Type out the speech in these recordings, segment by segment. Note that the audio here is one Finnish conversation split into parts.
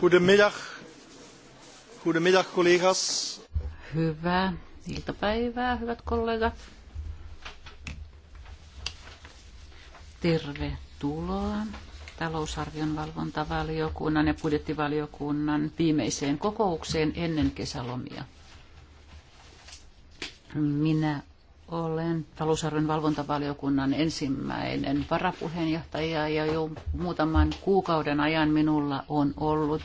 Goedemiddag. Goedemiddag, collega's. Hyvää iltapäivää, hyvät kollegat. Tervetuloa talousarvion valvontavaliokunnan ja budjettivaliokunnan viimeiseen kokoukseen ennen kesälomia. Minä olen talousarvon valvontavaliokunnan ensimmäinen varapuheenjohtaja ja jo muutaman kuukauden ajan minulla on ollut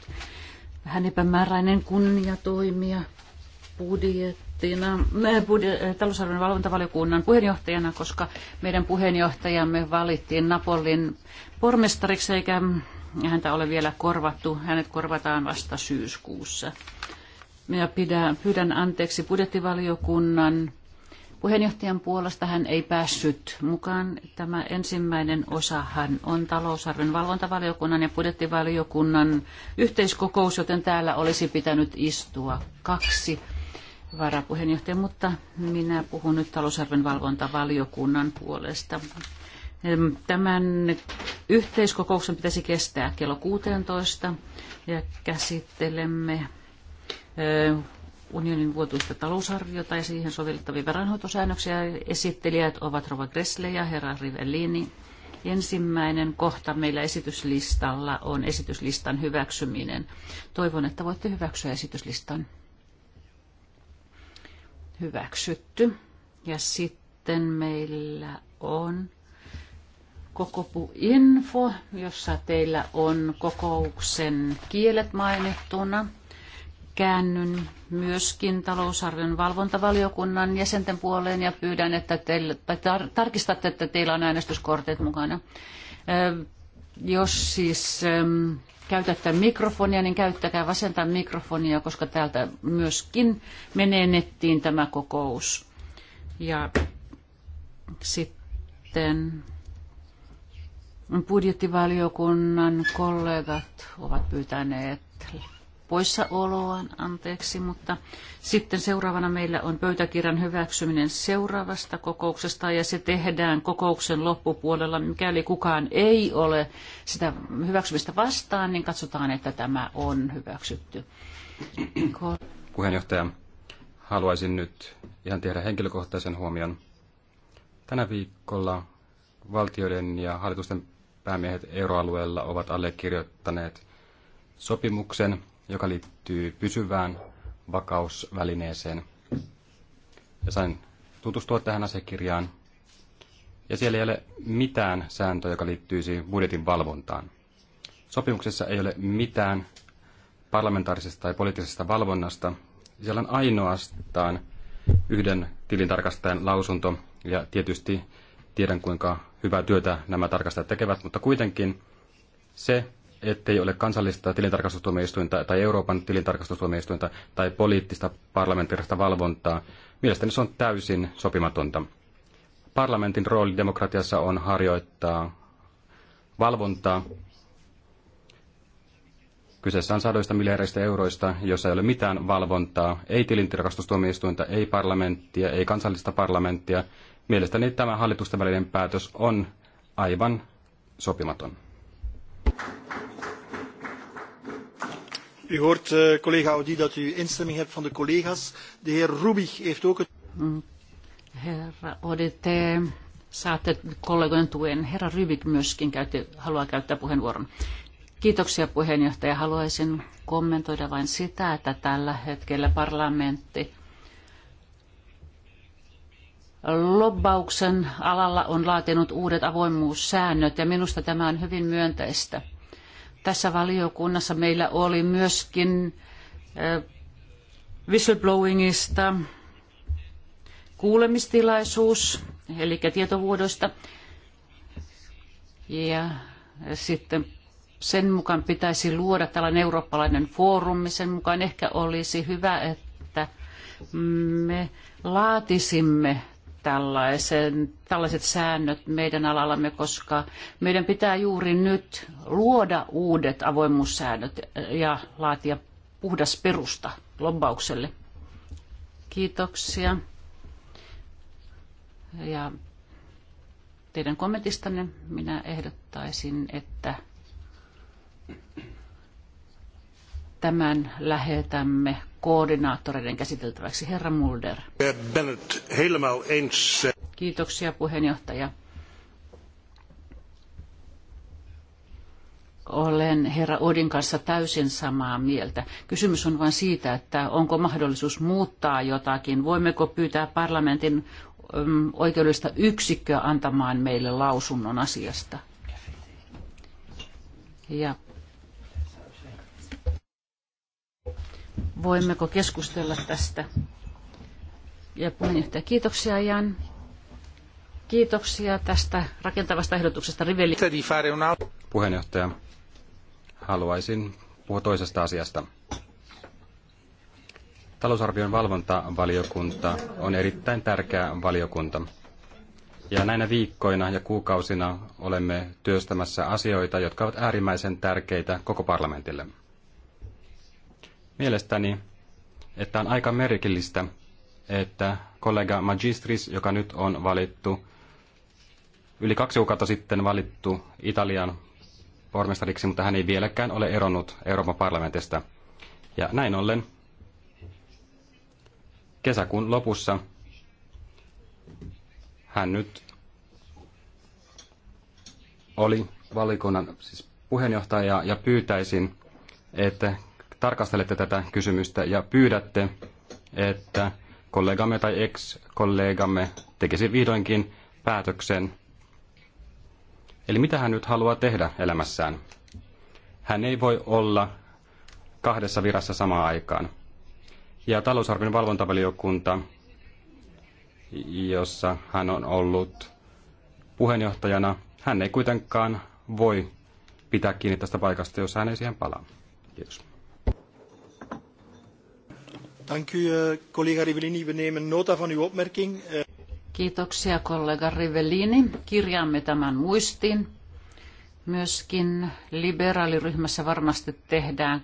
vähän epämääräinen kunnia toimia budjettina, äh, budjet, äh, talousarvon valvontavaliokunnan puheenjohtajana, koska meidän puheenjohtajamme valittiin Napolin pormestariksi eikä häntä ole vielä korvattu. Hänet korvataan vasta syyskuussa. Minä pidän, pyydän anteeksi budjettivaliokunnan Puheenjohtajan puolesta hän ei päässyt mukaan. Tämä ensimmäinen osahan on talousarvion valvontavaliokunnan ja budjettivaliokunnan yhteiskokous, joten täällä olisi pitänyt istua kaksi varapuheenjohtajaa, mutta minä puhun nyt talousarvion valvontavaliokunnan puolesta. Tämän yhteiskokouksen pitäisi kestää kello 16 ja käsittelemme unionin vuotuista talousarviota ja siihen sovellettavia varainhoitosäännöksiä. Esittelijät ovat Rova Gressle ja herra Rivellini. Ensimmäinen kohta meillä esityslistalla on esityslistan hyväksyminen. Toivon, että voitte hyväksyä esityslistan. Hyväksytty. Ja sitten meillä on kokopuinfo, jossa teillä on kokouksen kielet mainittuna käännyn myöskin talousarvion valvontavaliokunnan jäsenten puoleen ja pyydän, että teille, tai tar- tarkistatte, että teillä on äänestyskortit mukana. Jos siis käytätte mikrofonia, niin käyttäkää vasenta mikrofonia, koska täältä myöskin menee nettiin tämä kokous. Ja sitten budjettivaliokunnan kollegat ovat pyytäneet poissaoloaan, anteeksi, mutta sitten seuraavana meillä on pöytäkirjan hyväksyminen seuraavasta kokouksesta ja se tehdään kokouksen loppupuolella. Mikäli kukaan ei ole sitä hyväksymistä vastaan, niin katsotaan, että tämä on hyväksytty. Puheenjohtaja, haluaisin nyt ihan tehdä henkilökohtaisen huomion. Tänä viikolla valtioiden ja hallitusten päämiehet euroalueella ovat allekirjoittaneet sopimuksen, joka liittyy pysyvään vakausvälineeseen. Ja sain tutustua tähän asiakirjaan. Ja siellä ei ole mitään sääntöä, joka liittyisi budjetin valvontaan. Sopimuksessa ei ole mitään parlamentaarisesta tai poliittisesta valvonnasta. Siellä on ainoastaan yhden tilintarkastajan lausunto ja tietysti tiedän kuinka hyvää työtä nämä tarkastajat tekevät, mutta kuitenkin se, ettei ole kansallista tilintarkastustuomioistuinta tai Euroopan tilintarkastustuomioistuinta tai poliittista parlamentaarista valvontaa, mielestäni se on täysin sopimatonta. Parlamentin rooli demokratiassa on harjoittaa valvontaa. Kyseessä on sadoista miljardista euroista, jossa ei ole mitään valvontaa, ei tilintarkastustuomioistuinta, ei parlamenttia, ei kansallista parlamenttia. Mielestäni tämä hallitusten välinen päätös on aivan sopimaton. U hoort, uh, collega Audi, dat u instemming hebt van de collega's. De heer Rubig heeft ook het... Mm. Herra Audi, te saatte kollegojen tuen. Herra Rubik myöskin käytti, haluaa käyttää puheenvuoron. Kiitoksia puheenjohtaja. Haluaisin kommentoida vain sitä, että tällä hetkellä parlamentti lobbauksen alalla on laatinut uudet avoimuussäännöt ja minusta tämä on hyvin myönteistä – tässä valiokunnassa meillä oli myöskin whistleblowingista kuulemistilaisuus, eli tietovuodoista. Ja sitten sen mukaan pitäisi luoda tällainen eurooppalainen foorumi. Sen mukaan ehkä olisi hyvä, että me laatisimme tällaisen, tällaiset säännöt meidän alallamme, koska meidän pitää juuri nyt luoda uudet avoimuussäännöt ja laatia puhdas perusta lobbaukselle. Kiitoksia. Ja teidän kommentistanne minä ehdottaisin, että tämän lähetämme koordinaattoreiden käsiteltäväksi. Herra Mulder. Eh. Kiitoksia puheenjohtaja. Olen herra Odin kanssa täysin samaa mieltä. Kysymys on vain siitä, että onko mahdollisuus muuttaa jotakin. Voimmeko pyytää parlamentin mm, oikeudellista yksikköä antamaan meille lausunnon asiasta? Ja voimmeko keskustella tästä. Ja puheenjohtaja, kiitoksia Jan. Kiitoksia tästä rakentavasta ehdotuksesta Rivelli. Puheenjohtaja, haluaisin puhua toisesta asiasta. Talousarvion valvontavaliokunta on erittäin tärkeä valiokunta. Ja näinä viikkoina ja kuukausina olemme työstämässä asioita, jotka ovat äärimmäisen tärkeitä koko parlamentille. Mielestäni, että on aika merkillistä, että kollega Magistris, joka nyt on valittu, yli kaksi kuukautta sitten valittu Italian pormestariksi, mutta hän ei vieläkään ole eronnut Euroopan parlamentista. Ja näin ollen kesäkuun lopussa hän nyt oli valikunnan siis puheenjohtaja ja pyytäisin, että tarkastelette tätä kysymystä ja pyydätte, että kollegamme tai ex-kollegamme tekisi vihdoinkin päätöksen. Eli mitä hän nyt haluaa tehdä elämässään? Hän ei voi olla kahdessa virassa samaan aikaan. Ja talousarvion valvontavaliokunta, jossa hän on ollut puheenjohtajana, hän ei kuitenkaan voi pitää kiinni tästä paikasta, jos hän ei siihen palaa. Kiitos. Dank u, eh, collega Rivellini. We nemen nota van uw opmerking. Eh, Kiitoksia kollega Rivellini. Kirjaamme tämän muistiin. Myöskin liberaaliryhmässä varmasti tehdään,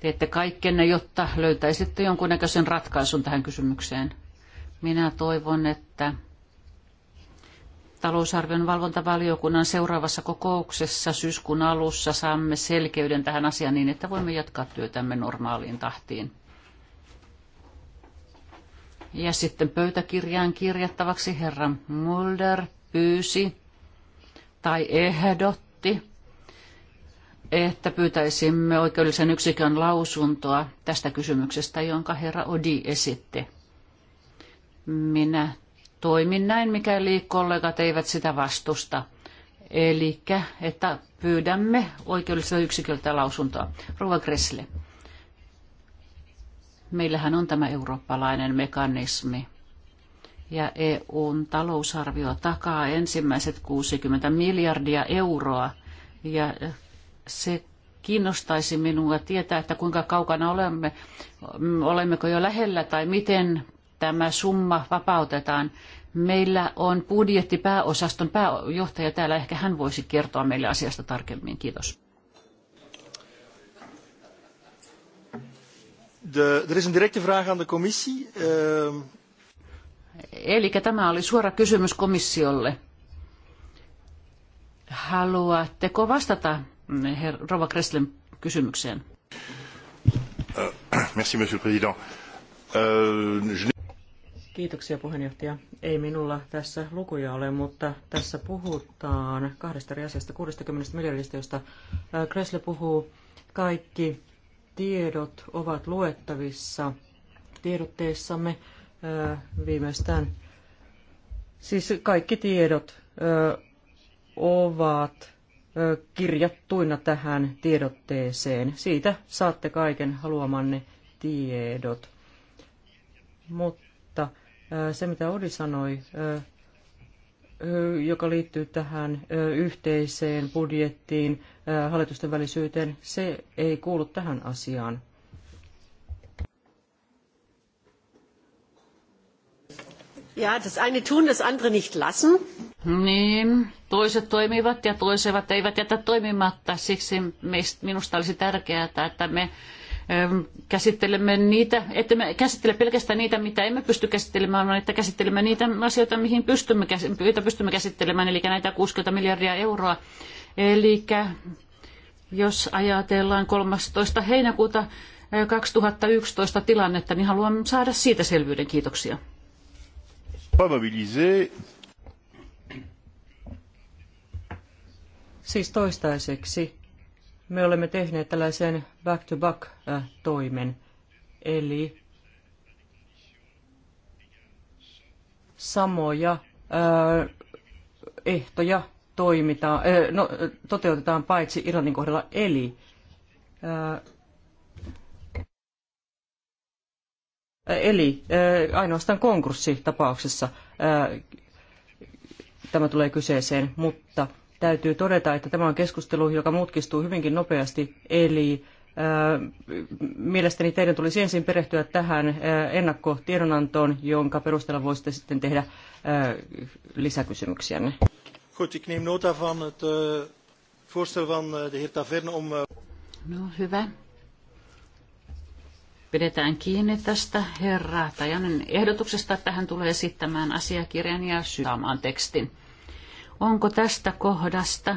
teette kaikkenne, jotta löytäisitte jonkunnäköisen ratkaisun tähän kysymykseen. Minä toivon, että talousarvion valvontavaliokunnan seuraavassa kokouksessa syyskuun alussa saamme selkeyden tähän asiaan niin, että voimme jatkaa työtämme normaaliin tahtiin ja sitten pöytäkirjaan kirjattavaksi herra Mulder pyysi tai ehdotti, että pyytäisimme oikeudellisen yksikön lausuntoa tästä kysymyksestä, jonka herra Odi esitti. Minä toimin näin, mikäli kollegat eivät sitä vastusta. Eli että pyydämme oikeudelliselta yksiköltä lausuntoa. Rova Gressle. Meillähän on tämä eurooppalainen mekanismi ja EUn talousarvio takaa ensimmäiset 60 miljardia euroa ja se kiinnostaisi minua tietää, että kuinka kaukana olemme, olemmeko jo lähellä tai miten tämä summa vapautetaan. Meillä on budjettipääosaston pääjohtaja täällä, ehkä hän voisi kertoa meille asiasta tarkemmin. Kiitos. De, er is een directe vraag aan de commissie. Uh... Eli tämä oli suora kysymys komissiolle. Haluatteko vastata her, Rova Kresslen kysymykseen? Uh, merci, monsieur le président. Uh, je... Kiitoksia puheenjohtaja. Ei minulla tässä lukuja ole, mutta tässä puhutaan kahdesta eri asiasta, 60 miljardista, josta Kressle puhuu. Kaikki tiedot ovat luettavissa tiedotteessamme viimeistään. Siis kaikki tiedot ovat kirjattuina tähän tiedotteeseen. Siitä saatte kaiken haluamanne tiedot. Mutta se, mitä Odi sanoi joka liittyy tähän yhteiseen budjettiin, hallitusten välisyyteen, se ei kuulu tähän asiaan. Ja, das eine tun, das andere nicht lassen. Niin, toiset toimivat ja toiset eivät jätä toimimatta. Siksi minusta olisi tärkeää, että me käsittelemme niitä, että me käsittele pelkästään niitä, mitä emme pysty käsittelemään, vaan että käsittelemme niitä asioita, mihin pystymme, joita pystymme käsittelemään, eli näitä 60 miljardia euroa. Eli jos ajatellaan 13. heinäkuuta 2011 eh, tilannetta, niin haluan saada siitä selvyyden. Kiitoksia. Siis toistaiseksi me olemme tehneet tällaisen back-to-back-toimen, äh, eli samoja äh, ehtoja toimitaan, äh, no, toteutetaan paitsi Irlannin kohdalla, eli Eli ainoastaan konkurssitapauksessa tämä tulee kyseeseen, mutta täytyy todeta, että tämä on keskustelu, joka mutkistuu hyvinkin nopeasti, eli äh, Mielestäni teidän tulisi ensin perehtyä tähän äh, ennakkotiedonantoon, jonka perusteella voisitte sitten tehdä äh, lisäkysymyksiänne. Goed, ik neem nota van het eh, voorstel van eh, de heer Taverne om... Eh, no hyvä. Pidetään kiinni tästä herra Tajanen ehdotuksesta, että hän tulee esittämään asiakirjan ja sydämaan tekstin. Onko tästä kohdasta,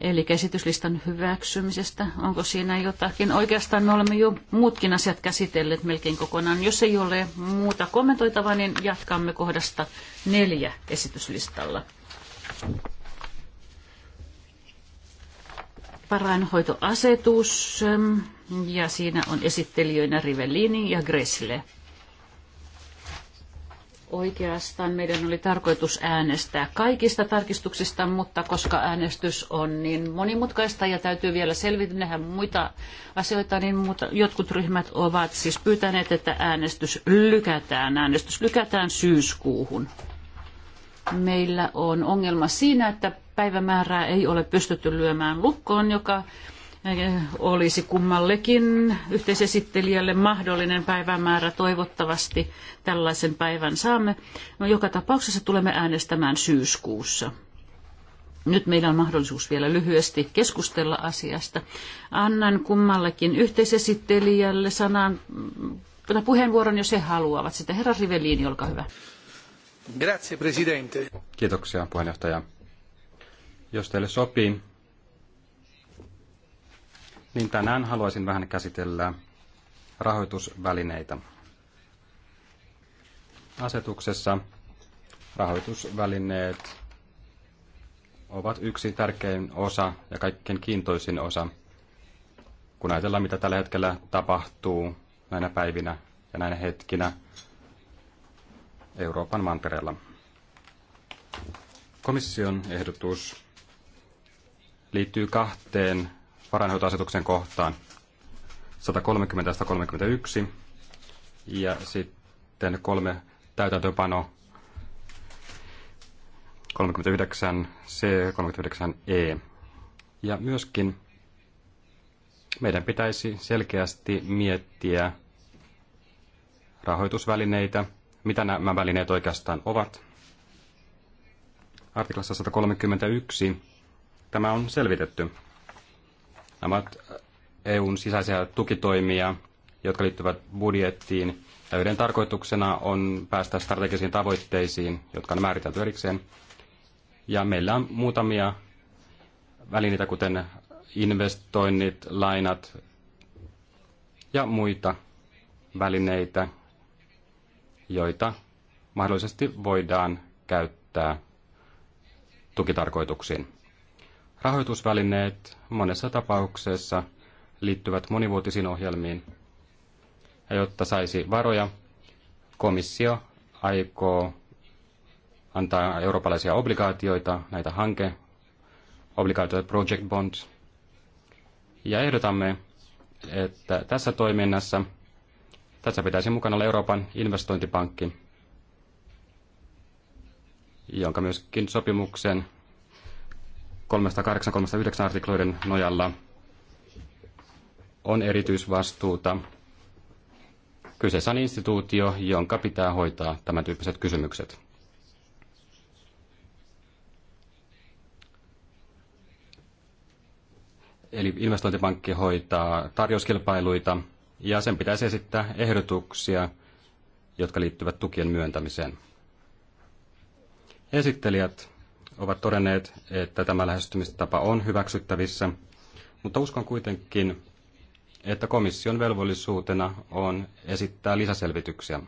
eli käsityslistan hyväksymisestä, onko siinä jotakin? Oikeastaan me olemme jo muutkin asiat käsitelleet melkein kokonaan. Jos ei ole muuta kommentoitavaa, niin jatkamme kohdasta neljä esityslistalla. Parainhoitoasetus ja siinä on esittelijöinä Rivellini ja Gressle. Oikeastaan meidän oli tarkoitus äänestää kaikista tarkistuksista, mutta koska äänestys on niin monimutkaista ja täytyy vielä selvitä nähdä muita asioita, niin muuta, jotkut ryhmät ovat siis pyytäneet, että äänestys lykätään. Äänestys lykätään syyskuuhun. Meillä on ongelma siinä, että päivämäärää ei ole pystytty lyömään lukkoon, joka olisi kummallekin yhteisesittelijälle mahdollinen päivämäärä. Toivottavasti tällaisen päivän saamme. No, joka tapauksessa tulemme äänestämään syyskuussa. Nyt meillä on mahdollisuus vielä lyhyesti keskustella asiasta. Annan kummallekin yhteisesittelijälle sanan mm, puheenvuoron, jos he haluavat. Sitä herra Riveliini, olkaa hyvä. Grazie, presidente. Kiitoksia, puheenjohtaja. Jos teille sopii, niin tänään haluaisin vähän käsitellä rahoitusvälineitä. Asetuksessa rahoitusvälineet ovat yksi tärkein osa ja kaikkein kiintoisin osa, kun ajatellaan mitä tällä hetkellä tapahtuu näinä päivinä ja näinä hetkinä Euroopan mantereella. Komission ehdotus liittyy kahteen varainhoitoasetuksen kohtaan 130-131 ja sitten kolme täytäntöpano 39C, 39E. Ja myöskin meidän pitäisi selkeästi miettiä rahoitusvälineitä, mitä nämä välineet oikeastaan ovat. Artiklassa 131 tämä on selvitetty. Nämä ovat EUn sisäisiä tukitoimia, jotka liittyvät budjettiin, ja yhden tarkoituksena on päästä strategisiin tavoitteisiin, jotka on määritelty erikseen. Ja meillä on muutamia välineitä, kuten investoinnit, lainat ja muita välineitä, joita mahdollisesti voidaan käyttää tukitarkoituksiin. Rahoitusvälineet monessa tapauksessa liittyvät monivuotisiin ohjelmiin. Ja jotta saisi varoja, komissio aikoo antaa eurooppalaisia obligaatioita, näitä hanke, obligaatioita, project bonds. Ja ehdotamme, että tässä toiminnassa, tässä pitäisi mukana olla Euroopan investointipankki, jonka myöskin sopimuksen 308-309 artikloiden nojalla on erityisvastuuta. Kyseessä on instituutio, jonka pitää hoitaa tämän tyyppiset kysymykset. Eli investointipankki hoitaa tarjouskilpailuita ja sen pitäisi esittää ehdotuksia, jotka liittyvät tukien myöntämiseen. Esittelijät ovat todenneet, että tämä lähestymistapa on hyväksyttävissä, mutta uskon kuitenkin, että komission velvollisuutena on esittää lisäselvityksiä.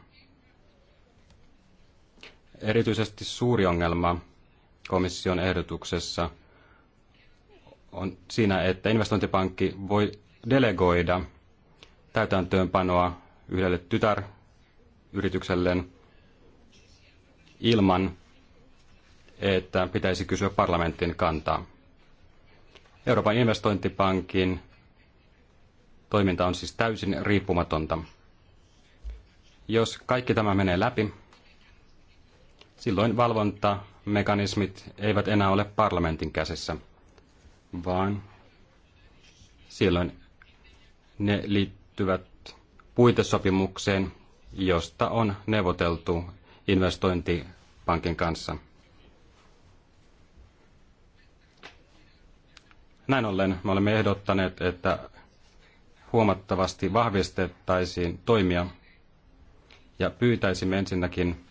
Erityisesti suuri ongelma komission ehdotuksessa on siinä, että investointipankki voi delegoida täytäntöönpanoa yhdelle tytäryritykselleen ilman, että pitäisi kysyä parlamentin kantaa. Euroopan investointipankin toiminta on siis täysin riippumatonta. Jos kaikki tämä menee läpi, silloin valvontamekanismit eivät enää ole parlamentin käsissä, vaan silloin ne liittyvät puitesopimukseen, josta on neuvoteltu investointipankin kanssa – Näin ollen me olemme ehdottaneet, että huomattavasti vahvistettaisiin toimia ja pyytäisimme ensinnäkin,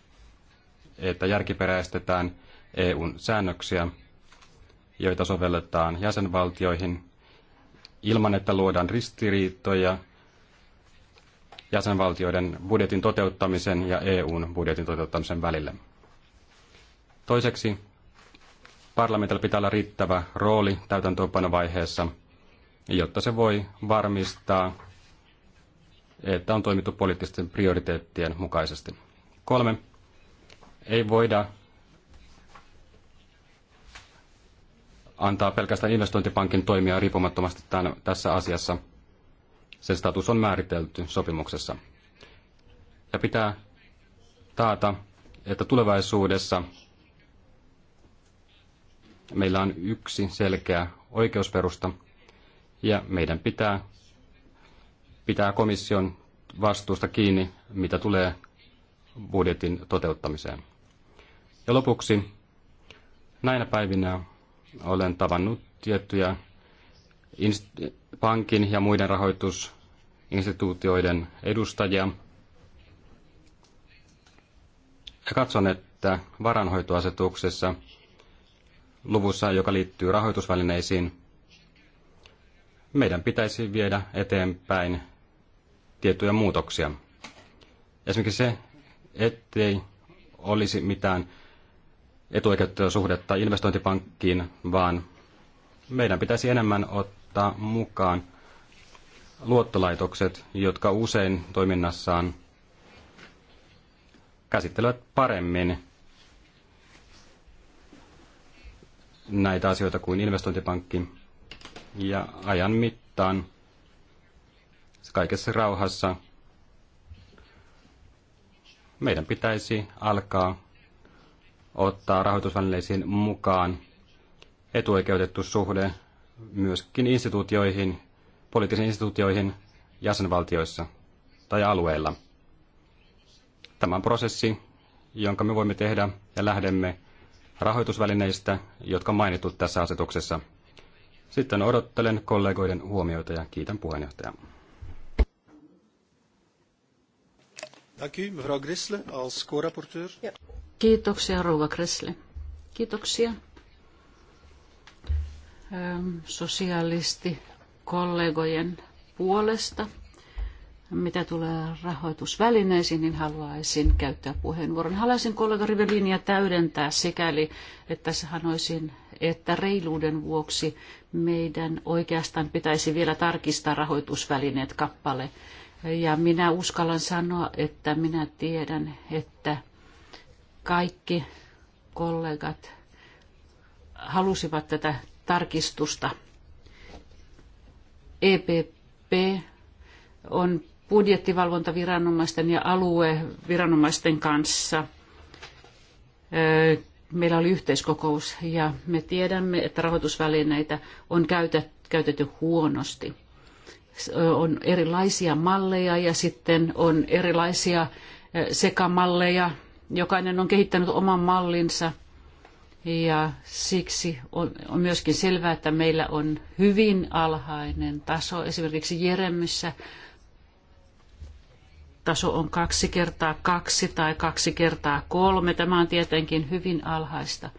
että järkiperäistetään EUn säännöksiä, joita sovelletaan jäsenvaltioihin ilman, että luodaan ristiriitoja jäsenvaltioiden budjetin toteuttamisen ja EUn budjetin toteuttamisen välille. Toiseksi parlamentilla pitää olla riittävä rooli täytäntöönpanovaiheessa, jotta se voi varmistaa, että on toimittu poliittisten prioriteettien mukaisesti. Kolme. Ei voida antaa pelkästään investointipankin toimia riippumattomasti tämän, tässä asiassa. Sen status on määritelty sopimuksessa. Ja pitää taata, että tulevaisuudessa Meillä on yksi selkeä oikeusperusta ja meidän pitää pitää komission vastuusta kiinni, mitä tulee budjetin toteuttamiseen. Ja lopuksi näinä päivinä olen tavannut tiettyjä pankin ja muiden rahoitusinstituutioiden edustajia. Ja katson, että varanhoitoasetuksessa – luvussa, joka liittyy rahoitusvälineisiin, meidän pitäisi viedä eteenpäin tiettyjä muutoksia. Esimerkiksi se, ettei olisi mitään etuoikeutta suhdetta investointipankkiin, vaan meidän pitäisi enemmän ottaa mukaan luottolaitokset, jotka usein toiminnassaan käsittelevät paremmin näitä asioita kuin investointipankki. Ja ajan mittaan kaikessa rauhassa meidän pitäisi alkaa ottaa rahoitusvälineisiin mukaan etuoikeutettu suhde myöskin instituutioihin, poliittisiin instituutioihin jäsenvaltioissa tai alueilla. Tämä on prosessi, jonka me voimme tehdä ja lähdemme rahoitusvälineistä, jotka mainittu tässä asetuksessa. Sitten odottelen kollegoiden huomioita ja kiitän puheenjohtajaa. Kiitoksia, rouva Gressle. Kiitoksia. Sosialisti kollegojen puolesta mitä tulee rahoitusvälineisiin, niin haluaisin käyttää puheenvuoron. Haluaisin kollega Rivelinia täydentää sikäli, että sanoisin, että reiluuden vuoksi meidän oikeastaan pitäisi vielä tarkistaa rahoitusvälineet kappale. Ja minä uskallan sanoa, että minä tiedän, että kaikki kollegat halusivat tätä tarkistusta. EPP on budjettivalvontaviranomaisten ja alueviranomaisten kanssa. Meillä oli yhteiskokous ja me tiedämme, että rahoitusvälineitä on käytetty huonosti. On erilaisia malleja ja sitten on erilaisia sekamalleja. Jokainen on kehittänyt oman mallinsa ja siksi on, myöskin selvää, että meillä on hyvin alhainen taso. Esimerkiksi Jeremyssä taso on kaksi kertaa kaksi tai kaksi kertaa kolme. Tämä on tietenkin hyvin alhaista.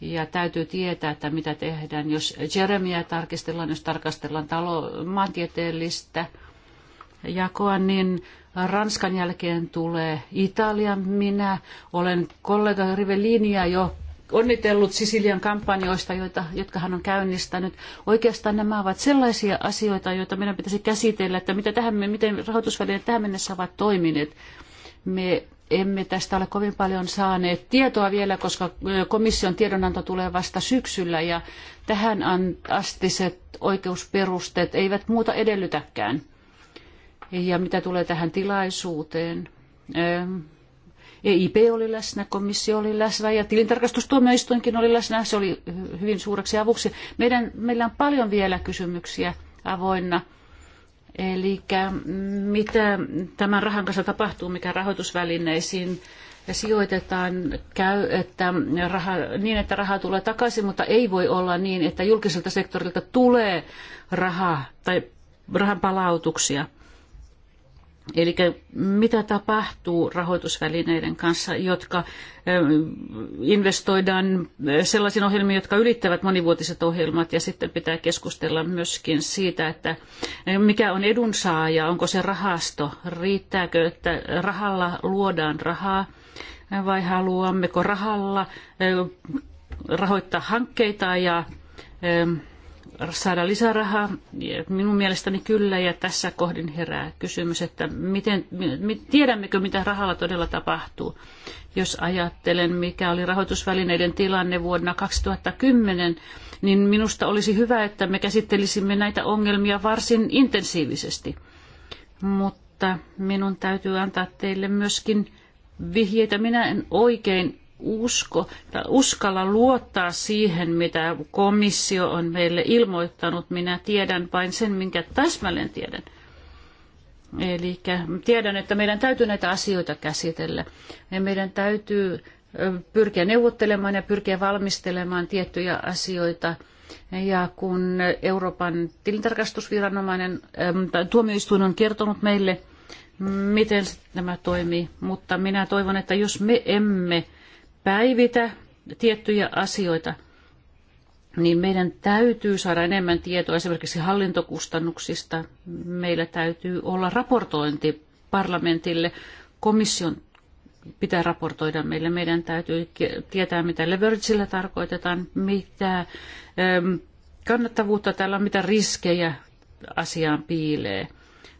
Ja täytyy tietää, että mitä tehdään. Jos Jeremiä tarkistellaan, jos tarkastellaan talo, maantieteellistä jakoa, niin Ranskan jälkeen tulee Italia. Minä olen kollega Rivelinia jo onnitellut Sisilian kampanjoista, joita, jotka hän on käynnistänyt. Oikeastaan nämä ovat sellaisia asioita, joita meidän pitäisi käsitellä, että mitä tähän, miten rahoitusvälineet tähän mennessä ovat toimineet. Me emme tästä ole kovin paljon saaneet tietoa vielä, koska komission tiedonanto tulee vasta syksyllä ja tähän astiset oikeusperusteet eivät muuta edellytäkään. Ja mitä tulee tähän tilaisuuteen, EIP oli läsnä, komissio oli läsnä ja tilintarkastustuomioistuinkin oli läsnä. Se oli hyvin suureksi avuksi. Meidän, meillä on paljon vielä kysymyksiä avoinna. Eli mitä tämän rahan kanssa tapahtuu, mikä rahoitusvälineisiin sijoitetaan käy, että raha, niin, että rahaa tulee takaisin, mutta ei voi olla niin, että julkiselta sektorilta tulee rahaa tai rahan palautuksia. Eli mitä tapahtuu rahoitusvälineiden kanssa, jotka investoidaan sellaisiin ohjelmiin, jotka ylittävät monivuotiset ohjelmat, ja sitten pitää keskustella myöskin siitä, että mikä on edunsaaja, onko se rahasto, riittääkö, että rahalla luodaan rahaa, vai haluammeko rahalla rahoittaa hankkeita ja saada rahaa? Minun mielestäni kyllä, ja tässä kohdin herää kysymys, että miten, tiedämmekö, mitä rahalla todella tapahtuu. Jos ajattelen, mikä oli rahoitusvälineiden tilanne vuonna 2010, niin minusta olisi hyvä, että me käsittelisimme näitä ongelmia varsin intensiivisesti. Mutta minun täytyy antaa teille myöskin vihjeitä. Minä en oikein usko, tai uskalla luottaa siihen, mitä komissio on meille ilmoittanut. Minä tiedän vain sen, minkä täsmälleen tiedän. Eli tiedän, että meidän täytyy näitä asioita käsitellä. Ja meidän täytyy pyrkiä neuvottelemaan ja pyrkiä valmistelemaan tiettyjä asioita. Ja kun Euroopan tilintarkastusviranomainen tai tuomioistuin on kertonut meille, miten tämä toimii, mutta minä toivon, että jos me emme päivitä tiettyjä asioita, niin meidän täytyy saada enemmän tietoa esimerkiksi hallintokustannuksista. Meillä täytyy olla raportointi parlamentille. Komission pitää raportoida meille. Meidän täytyy tietää, mitä leveragella tarkoitetaan, mitä ähm, kannattavuutta täällä on, mitä riskejä asiaan piilee.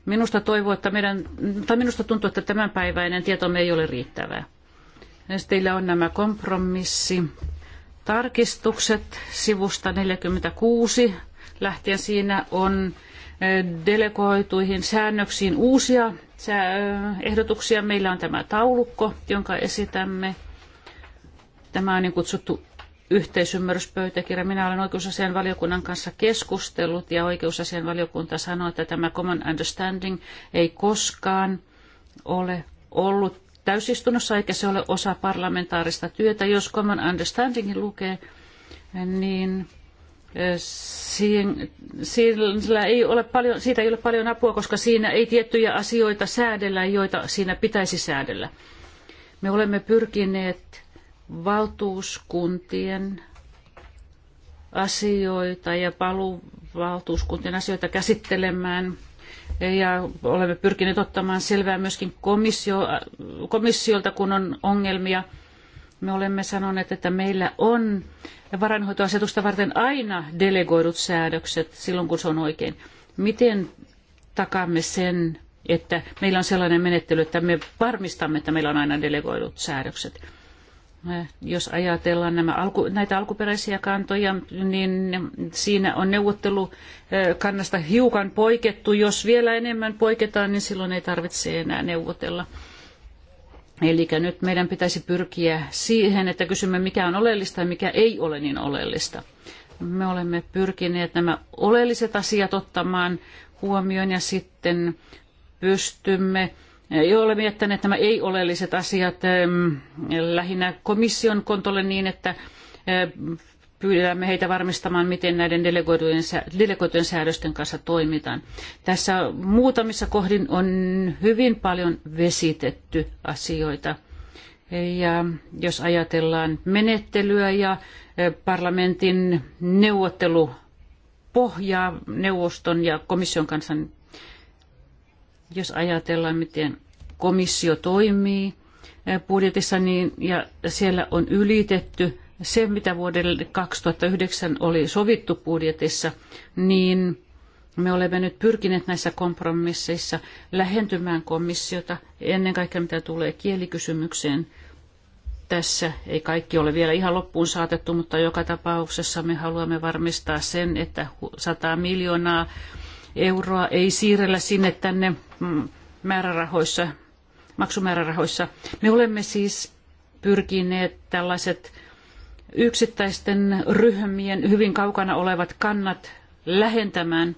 Minusta toivoo, että meidän, tai minusta tuntuu, että tämänpäiväinen tietomme ei ole riittävää. Teillä on nämä kompromissi tarkistukset sivusta 46 lähtien siinä on delegoituihin säännöksiin uusia ehdotuksia. Meillä on tämä taulukko, jonka esitämme. Tämä on niin kutsuttu yhteisymmärryspöytäkirja. Minä olen oikeusasian valiokunnan kanssa keskustellut ja oikeusasian valiokunta sanoi, että tämä common understanding ei koskaan ole ollut täysistunnossa, eikä se ole osa parlamentaarista työtä. Jos common understanding lukee, niin eh, sillä ei ole paljon, siitä ei ole paljon apua, koska siinä ei tiettyjä asioita säädellä, joita siinä pitäisi säädellä. Me olemme pyrkineet valtuuskuntien asioita ja paluvaltuuskuntien asioita käsittelemään ja olemme pyrkineet ottamaan selvää myöskin komissio, komissiolta, kun on ongelmia. Me olemme sanoneet, että meillä on varainhoitoasetusta varten aina delegoidut säädökset silloin, kun se on oikein. Miten takaamme sen, että meillä on sellainen menettely, että me varmistamme, että meillä on aina delegoidut säädökset? Eh, jos ajatellaan nämä alku, näitä alkuperäisiä kantoja, niin siinä on neuvottelukannasta eh, hiukan poikettu. Jos vielä enemmän poiketaan, niin silloin ei tarvitse enää neuvotella. Eli nyt meidän pitäisi pyrkiä siihen, että kysymme mikä on oleellista ja mikä ei ole niin oleellista. Me olemme pyrkineet nämä oleelliset asiat ottamaan huomioon ja sitten pystymme jo olemme jättäneet nämä ei-oleelliset asiat ähm, lähinnä komission kontolle niin, että äh, pyydämme heitä varmistamaan, miten näiden delegoitujen, delegoitujen säädösten kanssa toimitaan. Tässä muutamissa kohdin on hyvin paljon vesitetty asioita. Ja jos ajatellaan menettelyä ja äh, parlamentin neuvottelupohjaa neuvoston ja komission kanssa, niin jos ajatellaan, miten komissio toimii eh, budjetissa niin, ja siellä on ylitetty se, mitä vuodelle 2009 oli sovittu budjetissa, niin me olemme nyt pyrkineet näissä kompromisseissa lähentymään komissiota, ennen kaikkea mitä tulee kielikysymykseen. Tässä ei kaikki ole vielä ihan loppuun saatettu, mutta joka tapauksessa me haluamme varmistaa sen, että 100 miljoonaa euroa ei siirrellä sinne tänne mm, määrärahoissa, maksumäärärahoissa. Me olemme siis pyrkineet tällaiset yksittäisten ryhmien hyvin kaukana olevat kannat lähentämään.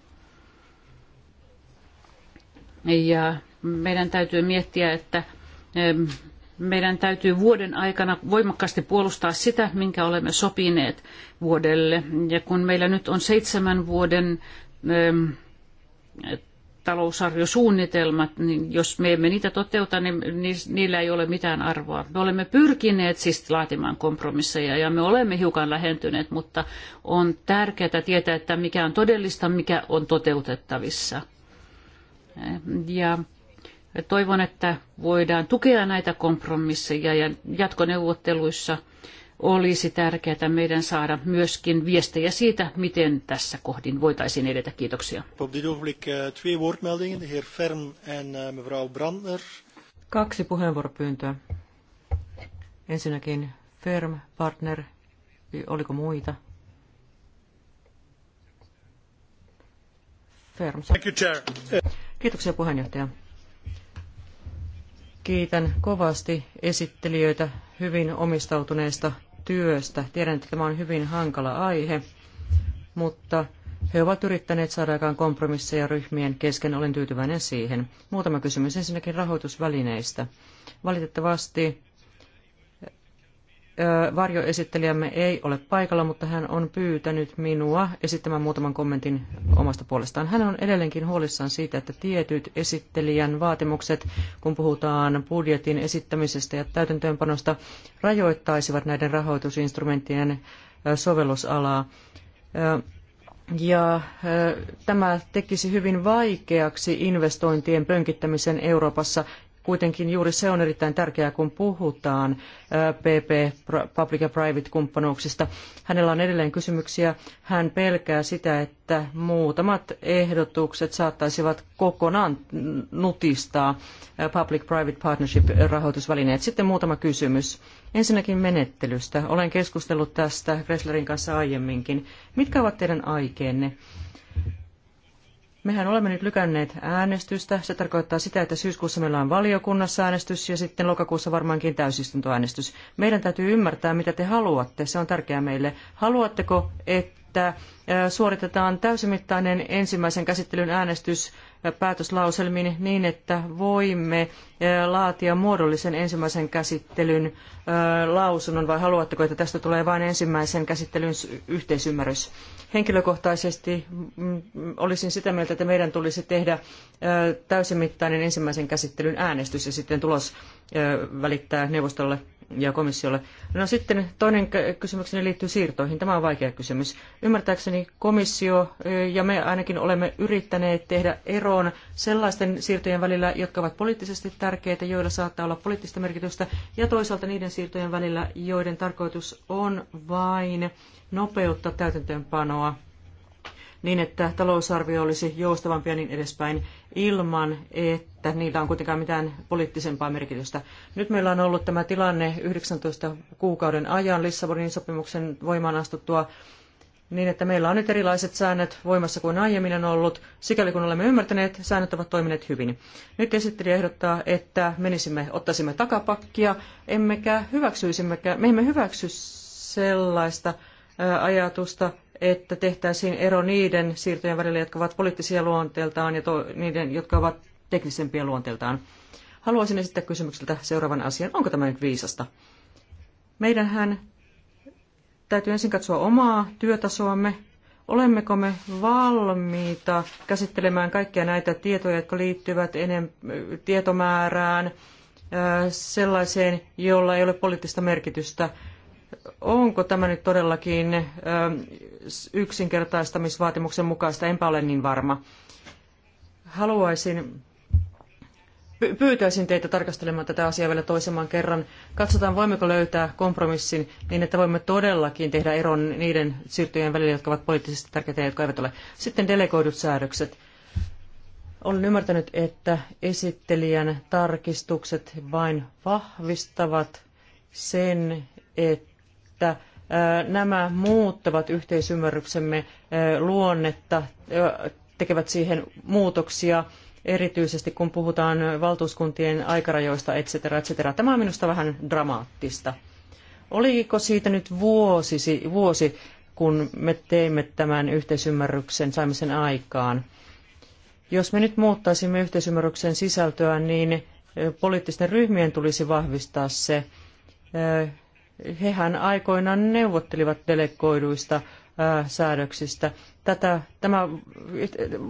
Ja meidän täytyy miettiä, että meidän täytyy vuoden aikana voimakkaasti puolustaa sitä, minkä olemme sopineet vuodelle. Ja kun meillä nyt on seitsemän vuoden talousarviosuunnitelmat, niin jos me emme niitä toteuta, niin niillä ei ole mitään arvoa. Me olemme pyrkineet siis laatimaan kompromisseja ja me olemme hiukan lähentyneet, mutta on tärkeää tietää, että mikä on todellista, mikä on toteutettavissa. Ja toivon, että voidaan tukea näitä kompromisseja ja jatkoneuvotteluissa – olisi tärkeää meidän saada myöskin viestejä siitä, miten tässä kohdin voitaisiin edetä. Kiitoksia. Eh, eh, Kaksi puheenvuoropyyntöä. Ensinnäkin Ferm, partner, oliko muita? Ferm. Kiitoksia puheenjohtaja. Kiitän kovasti esittelijöitä hyvin omistautuneesta työstä. Tiedän, että tämä on hyvin hankala aihe, mutta he ovat yrittäneet saada aikaan kompromisseja ryhmien kesken. Olen tyytyväinen siihen. Muutama kysymys ensinnäkin rahoitusvälineistä. Valitettavasti Varjoesittelijämme ei ole paikalla, mutta hän on pyytänyt minua esittämään muutaman kommentin omasta puolestaan. Hän on edelleenkin huolissaan siitä, että tietyt esittelijän vaatimukset, kun puhutaan budjetin esittämisestä ja täytäntöönpanosta, rajoittaisivat näiden rahoitusinstrumenttien sovellusalaa. Ja tämä tekisi hyvin vaikeaksi investointien pönkittämisen Euroopassa kuitenkin juuri se on erittäin tärkeää, kun puhutaan PP, Public ja Private-kumppanuuksista. Hänellä on edelleen kysymyksiä. Hän pelkää sitä, että muutamat ehdotukset saattaisivat kokonaan nutistaa Public-Private Partnership-rahoitusvälineet. Sitten muutama kysymys. Ensinnäkin menettelystä. Olen keskustellut tästä Gresslerin kanssa aiemminkin. Mitkä ovat teidän aikeenne? Mehän olemme nyt lykänneet äänestystä. Se tarkoittaa sitä, että syyskuussa meillä on valiokunnassa äänestys ja sitten lokakuussa varmaankin täysistuntoäänestys. Meidän täytyy ymmärtää, mitä te haluatte. Se on tärkeää meille. Haluatteko, että että suoritetaan täysimittainen ensimmäisen käsittelyn äänestys päätöslauselmin niin, että voimme laatia muodollisen ensimmäisen käsittelyn lausunnon, vai haluatteko, että tästä tulee vain ensimmäisen käsittelyn yhteisymmärrys? Henkilökohtaisesti mm, mm, olisin sitä mieltä, että meidän tulisi tehdä täysimittainen ensimmäisen käsittelyn äänestys ja sitten tulos välittää neuvostolle ja komissiolle. No sitten toinen kysymykseni liittyy siirtoihin. Tämä on vaikea kysymys. Ymmärtääkseni komissio ja me ainakin olemme yrittäneet tehdä eroon sellaisten siirtojen välillä, jotka ovat poliittisesti tärkeitä, joilla saattaa olla poliittista merkitystä, ja toisaalta niiden siirtojen välillä, joiden tarkoitus on vain nopeuttaa täytäntöönpanoa niin että talousarvio olisi joustavampi ja niin edespäin ilman, että niillä on kuitenkaan mitään poliittisempaa merkitystä. Nyt meillä on ollut tämä tilanne 19 kuukauden ajan Lissabonin sopimuksen voimaan astuttua niin, että meillä on nyt erilaiset säännöt voimassa kuin aiemmin on ollut. Sikäli kun olemme ymmärtäneet, säännöt ovat toimineet hyvin. Nyt esittelijä ehdottaa, että menisimme, ottaisimme takapakkia, emmekä hyväksyisimmekä, me emme hyväksy sellaista ajatusta, että tehtäisiin ero niiden siirtojen välillä, jotka ovat poliittisia luonteeltaan ja to, niiden, jotka ovat teknisempiä luonteeltaan. Haluaisin esittää kysymykseltä seuraavan asian. Onko tämä nyt viisasta? Meidänhän täytyy ensin katsoa omaa työtasoamme. Olemmeko me valmiita käsittelemään kaikkia näitä tietoja, jotka liittyvät enem- tietomäärään, sellaiseen, jolla ei ole poliittista merkitystä, onko tämä nyt todellakin yksinkertaistamisvaatimuksen mukaista, enpä ole niin varma. Haluaisin, pyytäisin teitä tarkastelemaan tätä asiaa vielä toisemman kerran. Katsotaan, voimmeko löytää kompromissin niin, että voimme todellakin tehdä eron niiden siirtyjien välillä, jotka ovat poliittisesti tärkeitä ja jotka eivät ole. Sitten delegoidut säädökset. Olen ymmärtänyt, että esittelijän tarkistukset vain vahvistavat sen, että että nämä muuttavat yhteisymmärryksemme luonnetta, tekevät siihen muutoksia, erityisesti kun puhutaan valtuuskuntien aikarajoista, etc. etc. Tämä on minusta vähän dramaattista. Oliko siitä nyt vuosi, vuosi kun me teimme tämän yhteisymmärryksen, saimme sen aikaan? Jos me nyt muuttaisimme yhteisymmärryksen sisältöä, niin poliittisten ryhmien tulisi vahvistaa se hehän aikoinaan neuvottelivat delegoiduista säädöksistä. Tätä, tämä,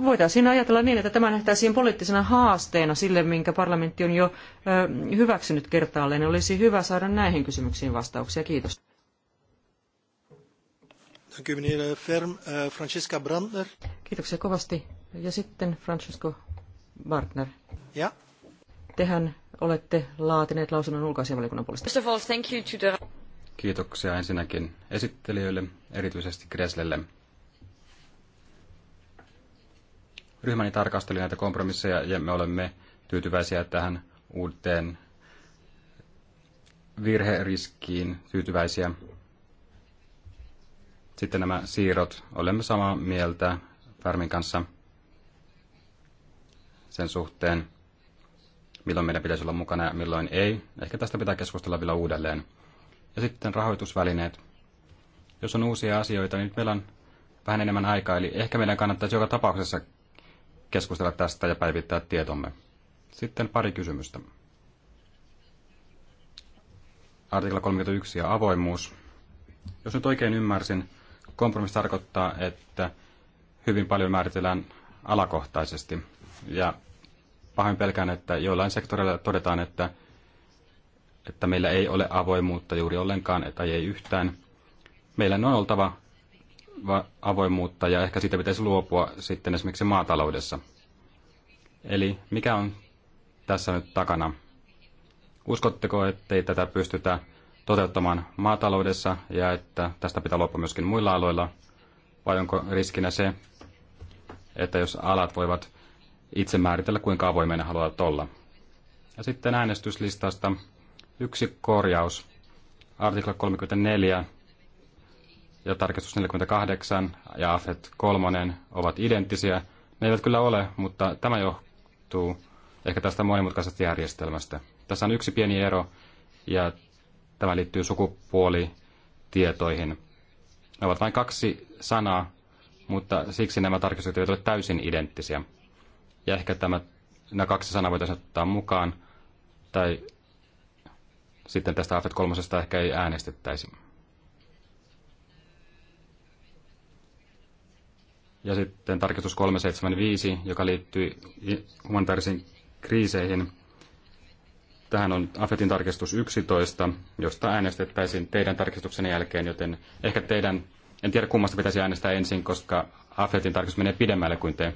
voitaisiin ajatella niin, että tämä nähtäisiin poliittisena haasteena sille, minkä parlamentti on jo hyväksynyt kertaalleen. Olisi hyvä saada näihin kysymyksiin vastauksia. Kiitos. Eh, eh, Francesca Brandner. Kiitoksia kovasti. Ja sitten Francesco Bartner. Ja. Tehän olette laatineet lausunnon ulkoasianvaliokunnan puolesta. First of all, thank you to the Kiitoksia ensinnäkin esittelijöille, erityisesti Kreslelle. Ryhmäni tarkasteli näitä kompromisseja ja me olemme tyytyväisiä tähän uuteen virheriskiin tyytyväisiä. Sitten nämä siirrot. Olemme samaa mieltä Färmin kanssa sen suhteen, milloin meidän pitäisi olla mukana ja milloin ei. Ehkä tästä pitää keskustella vielä uudelleen. Ja sitten rahoitusvälineet. Jos on uusia asioita, niin nyt meillä on vähän enemmän aikaa, eli ehkä meidän kannattaisi joka tapauksessa keskustella tästä ja päivittää tietomme. Sitten pari kysymystä. Artikla 31 ja avoimuus. Jos nyt oikein ymmärsin, kompromissi tarkoittaa, että hyvin paljon määritellään alakohtaisesti. Ja pahoin pelkään, että joillain sektoreilla todetaan, että että meillä ei ole avoimuutta juuri ollenkaan tai ei yhtään. Meillä on oltava avoimuutta ja ehkä siitä pitäisi luopua sitten esimerkiksi maataloudessa. Eli mikä on tässä nyt takana? Uskotteko, ettei tätä pystytä toteuttamaan maataloudessa ja että tästä pitää luopua myöskin muilla aloilla? Vai onko riskinä se, että jos alat voivat itse määritellä, kuinka avoimena haluavat olla? Ja sitten äänestyslistasta Yksi korjaus. Artikla 34 ja tarkistus 48 ja AFET 3 ovat identtisiä. Ne eivät kyllä ole, mutta tämä johtuu ehkä tästä monimutkaisesta järjestelmästä. Tässä on yksi pieni ero ja tämä liittyy sukupuolitietoihin. Ne ovat vain kaksi sanaa, mutta siksi nämä tarkistukset eivät ole täysin identtisiä. Ja ehkä tämä, nämä kaksi sanaa voitaisiin ottaa mukaan tai sitten tästä AFET kolmosesta ehkä ei äänestettäisi. Ja sitten tarkistus 375, joka liittyy humanitaarisiin kriiseihin. Tähän on AFETin tarkistus 11, josta äänestettäisiin teidän tarkistuksen jälkeen, joten ehkä teidän, en tiedä kummasta pitäisi äänestää ensin, koska AFETin tarkistus menee pidemmälle kuin te.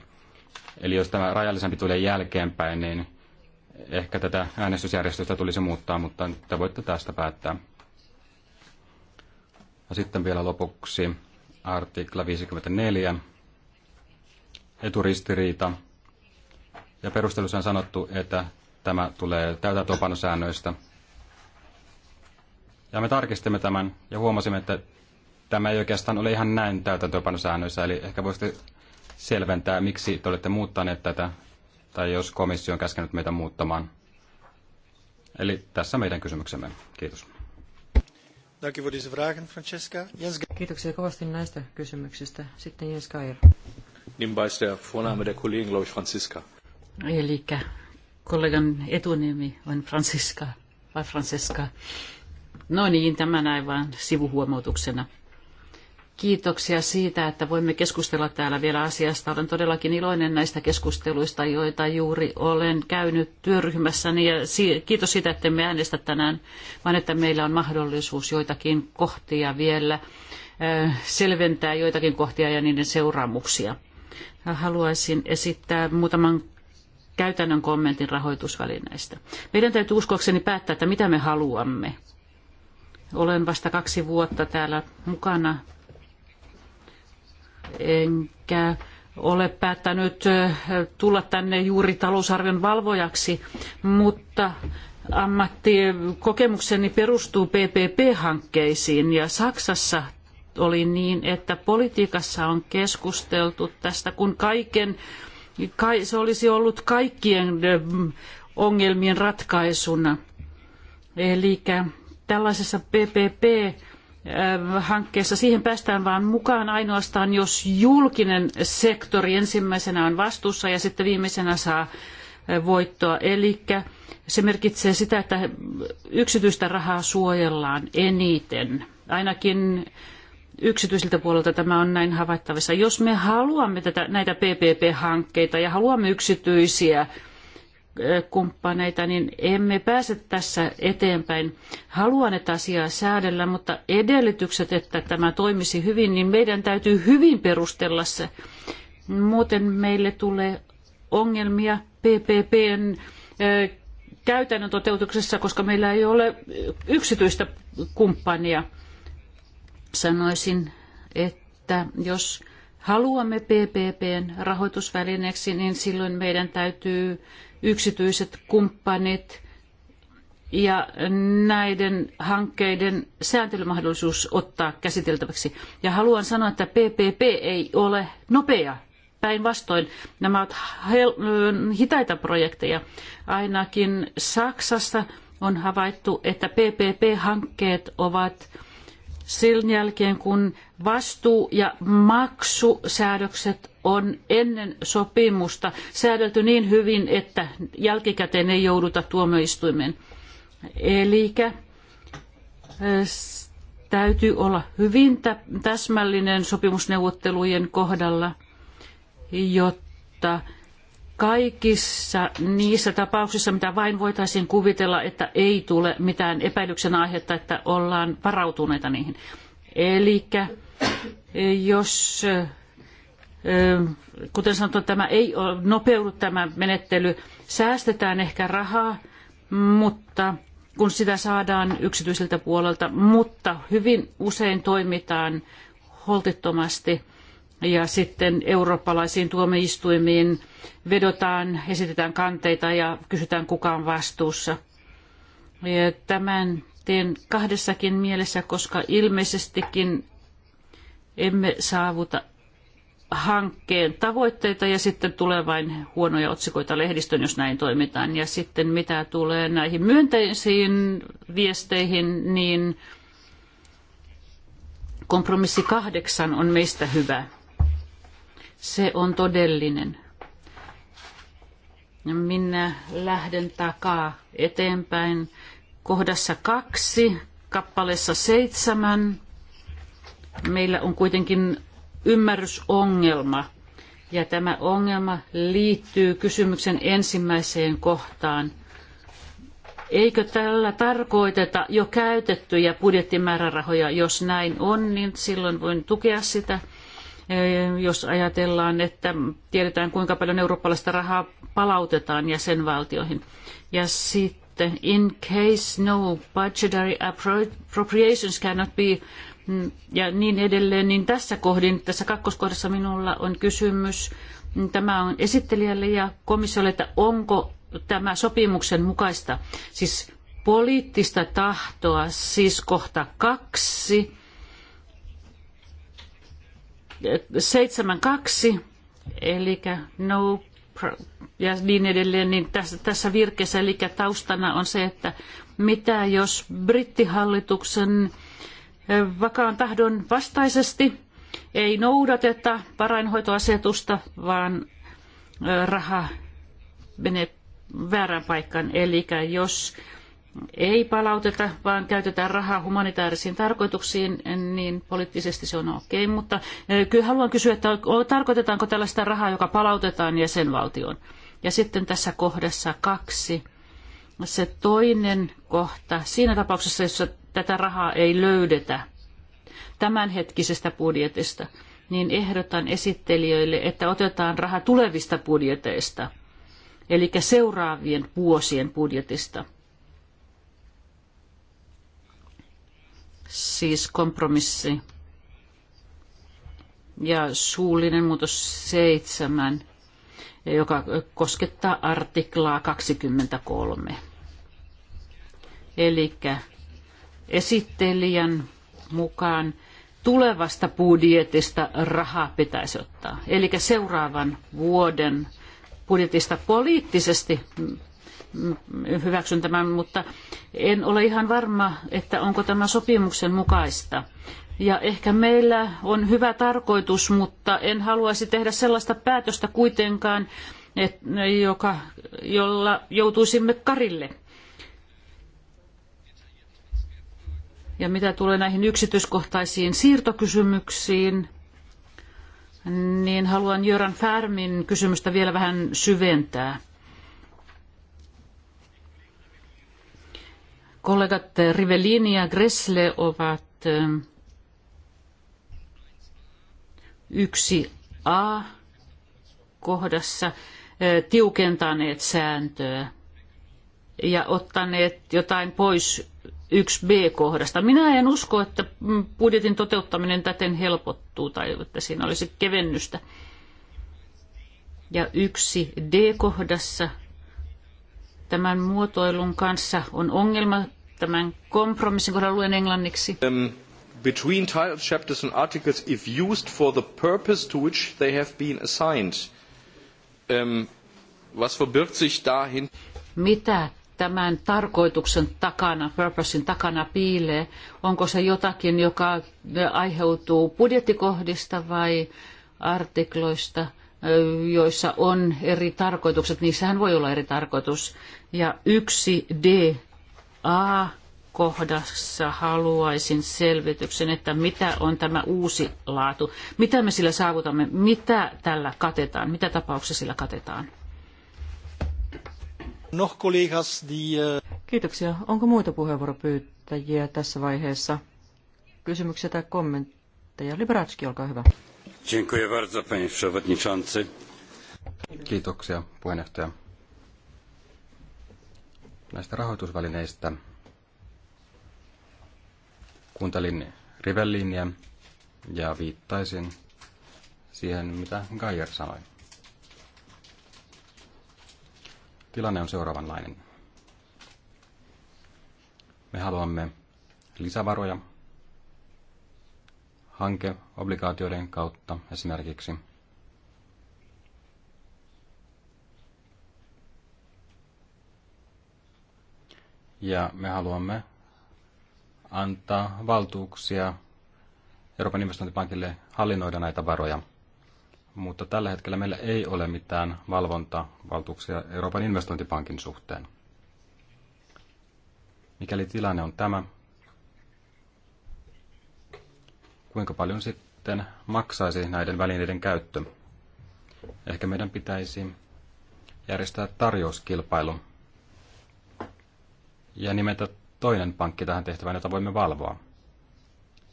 Eli jos tämä rajallisempi tulee jälkeenpäin, niin Ehkä tätä äänestysjärjestystä tulisi muuttaa, mutta te voitte tästä päättää. Ja sitten vielä lopuksi artikla 54, eturistiriita. Ja perustelussa on sanottu, että tämä tulee täytäntöönpanosäännöistä. Ja me tarkistimme tämän ja huomasimme, että tämä ei oikeastaan ole ihan näin täytäntöönpanosäännöissä, eli ehkä voisitte selventää, miksi te olette muuttaneet tätä tai jos komissio on käskenyt meitä muuttamaan. Eli tässä meidän kysymyksemme. Kiitos. Kiitoksia kovasti näistä kysymyksistä. Sitten Jens Kair. Niin Eli kollegan etunimi on Franziska vai Francesca. No niin, tämän aivan sivuhuomautuksena. Kiitoksia siitä, että voimme keskustella täällä vielä asiasta. Olen todellakin iloinen näistä keskusteluista, joita juuri olen käynyt työryhmässäni. Ja kiitos siitä, että me äänestä tänään, vaan että meillä on mahdollisuus joitakin kohtia vielä selventää joitakin kohtia ja niiden seuraamuksia. Haluaisin esittää muutaman käytännön kommentin rahoitusvälineistä. Meidän täytyy uskokseni päättää, että mitä me haluamme. Olen vasta kaksi vuotta täällä mukana enkä ole päättänyt eh, tulla tänne juuri talousarvion valvojaksi, mutta ammattikokemukseni perustuu PPP-hankkeisiin ja Saksassa oli niin, että politiikassa on keskusteltu tästä, kun kaiken, se olisi ollut kaikkien eh, ongelmien ratkaisuna. Eli tällaisessa PPP hankkeessa siihen päästään vaan mukaan ainoastaan, jos julkinen sektori ensimmäisenä on vastuussa ja sitten viimeisenä saa voittoa. Eli se merkitsee sitä, että yksityistä rahaa suojellaan eniten. Ainakin yksityiseltä puolelta tämä on näin havaittavissa. Jos me haluamme tätä, näitä PPP-hankkeita ja haluamme yksityisiä kumppaneita, niin emme pääse tässä eteenpäin. Haluan, että asiaa säädellä, mutta edellytykset, että tämä toimisi hyvin, niin meidän täytyy hyvin perustella se. Muuten meille tulee ongelmia PPPn käytännön toteutuksessa, koska meillä ei ole yksityistä kumppania. Sanoisin, että jos haluamme PPPn rahoitusvälineeksi, niin silloin meidän täytyy yksityiset kumppanit ja näiden hankkeiden sääntelymahdollisuus ottaa käsiteltäväksi. Ja haluan sanoa, että PPP ei ole nopea päinvastoin nämä ovat hitaita projekteja. Ainakin Saksassa on havaittu, että PPP-hankkeet ovat sen jälkeen, kun vastuu- ja maksusäädökset on ennen sopimusta säädelty niin hyvin, että jälkikäteen ei jouduta tuomioistuimeen. Eli äh, täytyy olla hyvin täsmällinen sopimusneuvottelujen kohdalla, jotta kaikissa niissä tapauksissa, mitä vain voitaisiin kuvitella, että ei tule mitään epäilyksen aihetta, että ollaan varautuneita niihin. Eli jos, kuten sanottu, tämä ei nopeudu tämä menettely, säästetään ehkä rahaa, mutta kun sitä saadaan yksityiseltä puolelta, mutta hyvin usein toimitaan holtittomasti – ja sitten eurooppalaisiin tuomioistuimiin vedotaan, esitetään kanteita ja kysytään kuka on vastuussa. Ja tämän teen kahdessakin mielessä, koska ilmeisestikin emme saavuta hankkeen tavoitteita ja sitten tulee vain huonoja otsikoita lehdistön, jos näin toimitaan. Ja sitten mitä tulee näihin myönteisiin viesteihin, niin kompromissi kahdeksan on meistä hyvä se on todellinen. Minä lähden takaa eteenpäin kohdassa kaksi, kappaleessa seitsemän. Meillä on kuitenkin ymmärrysongelma. Ja tämä ongelma liittyy kysymyksen ensimmäiseen kohtaan. Eikö tällä tarkoiteta jo käytettyjä budjettimäärärahoja? Jos näin on, niin silloin voin tukea sitä. Eh, jos ajatellaan, että tiedetään kuinka paljon eurooppalaista rahaa palautetaan jäsenvaltioihin. Ja sitten, in case no budgetary appropriations cannot be mm, ja niin edelleen, niin tässä kohdin, tässä kakkoskohdassa minulla on kysymys, tämä on esittelijälle ja komissiolle, että onko tämä sopimuksen mukaista, siis poliittista tahtoa, siis kohta kaksi, 72, eli no ja niin edelleen, niin tässä, tässä virkeessä, eli taustana on se, että mitä jos brittihallituksen vakaan tahdon vastaisesti ei noudateta parainhoitoasetusta, vaan raha menee väärään paikkaan. Eli jos ei palauteta, vaan käytetään rahaa humanitaarisiin tarkoituksiin, niin poliittisesti se on okei. Okay. Mutta kyllä haluan kysyä, että tarkoitetaanko tällaista rahaa, joka palautetaan jäsenvaltioon? Ja sitten tässä kohdassa kaksi, se toinen kohta, siinä tapauksessa, jossa tätä rahaa ei löydetä tämänhetkisestä budjetista, niin ehdotan esittelijöille, että otetaan raha tulevista budjeteista, eli seuraavien vuosien budjetista siis kompromissi ja suullinen muutos seitsemän, joka koskettaa artiklaa 23. Eli esittelijän mukaan tulevasta budjetista rahaa pitäisi ottaa. Eli seuraavan vuoden budjetista poliittisesti hyväksyn tämän, mutta en ole ihan varma, että onko tämä sopimuksen mukaista. Ja ehkä meillä on hyvä tarkoitus, mutta en haluaisi tehdä sellaista päätöstä kuitenkaan, et, joka, jolla joutuisimme karille. Ja mitä tulee näihin yksityiskohtaisiin siirtokysymyksiin, niin haluan Jöran Färmin kysymystä vielä vähän syventää. Kollegat Rivellini ja Gressle ovat ähm, yksi a kohdassa äh, tiukentaneet sääntöä ja ottaneet jotain pois 1b-kohdasta. Minä en usko, että mm, budjetin toteuttaminen täten helpottuu tai että siinä olisi kevennystä. Ja 1d-kohdassa tämän muotoilun kanssa on ongelma, tämän kompromissin kohdan luen englanniksi. Um, between title chapters and articles if used for the purpose to which they have been assigned. Um, was verbirgt sich dahin? Mitä tämän tarkoituksen takana, purposein takana piilee? Onko se jotakin, joka aiheutuu budjettikohdista vai artikloista, joissa on eri tarkoitukset? Niissähän voi olla eri tarkoitus. Ja yksi d A kohdassa haluaisin selvityksen, että mitä on tämä uusi laatu, mitä me sillä saavutamme, mitä tällä katetaan, mitä tapauksia sillä katetaan. Noh, kollegas, die... Äh, Kiitoksia. Onko muita puheenvuoropyyttäjiä tässä vaiheessa? Kysymyksiä tai kommentteja? Liberatski, olkaa hyvä. Dziękuję bardzo, panie przewodniczący. Kiitoksia, puheenjohtaja näistä rahoitusvälineistä. Kuuntelin Rivellinia ja viittaisin siihen, mitä Geyer sanoi. Tilanne on seuraavanlainen. Me haluamme lisävaroja hankeobligaatioiden kautta esimerkiksi – ja me haluamme antaa valtuuksia Euroopan investointipankille hallinnoida näitä varoja. Mutta tällä hetkellä meillä ei ole mitään valvontavaltuuksia Euroopan investointipankin suhteen. Mikäli tilanne on tämä, kuinka paljon sitten maksaisi näiden välineiden käyttö? Ehkä meidän pitäisi järjestää tarjouskilpailu ja nimetä toinen pankki tähän tehtävään, jota voimme valvoa.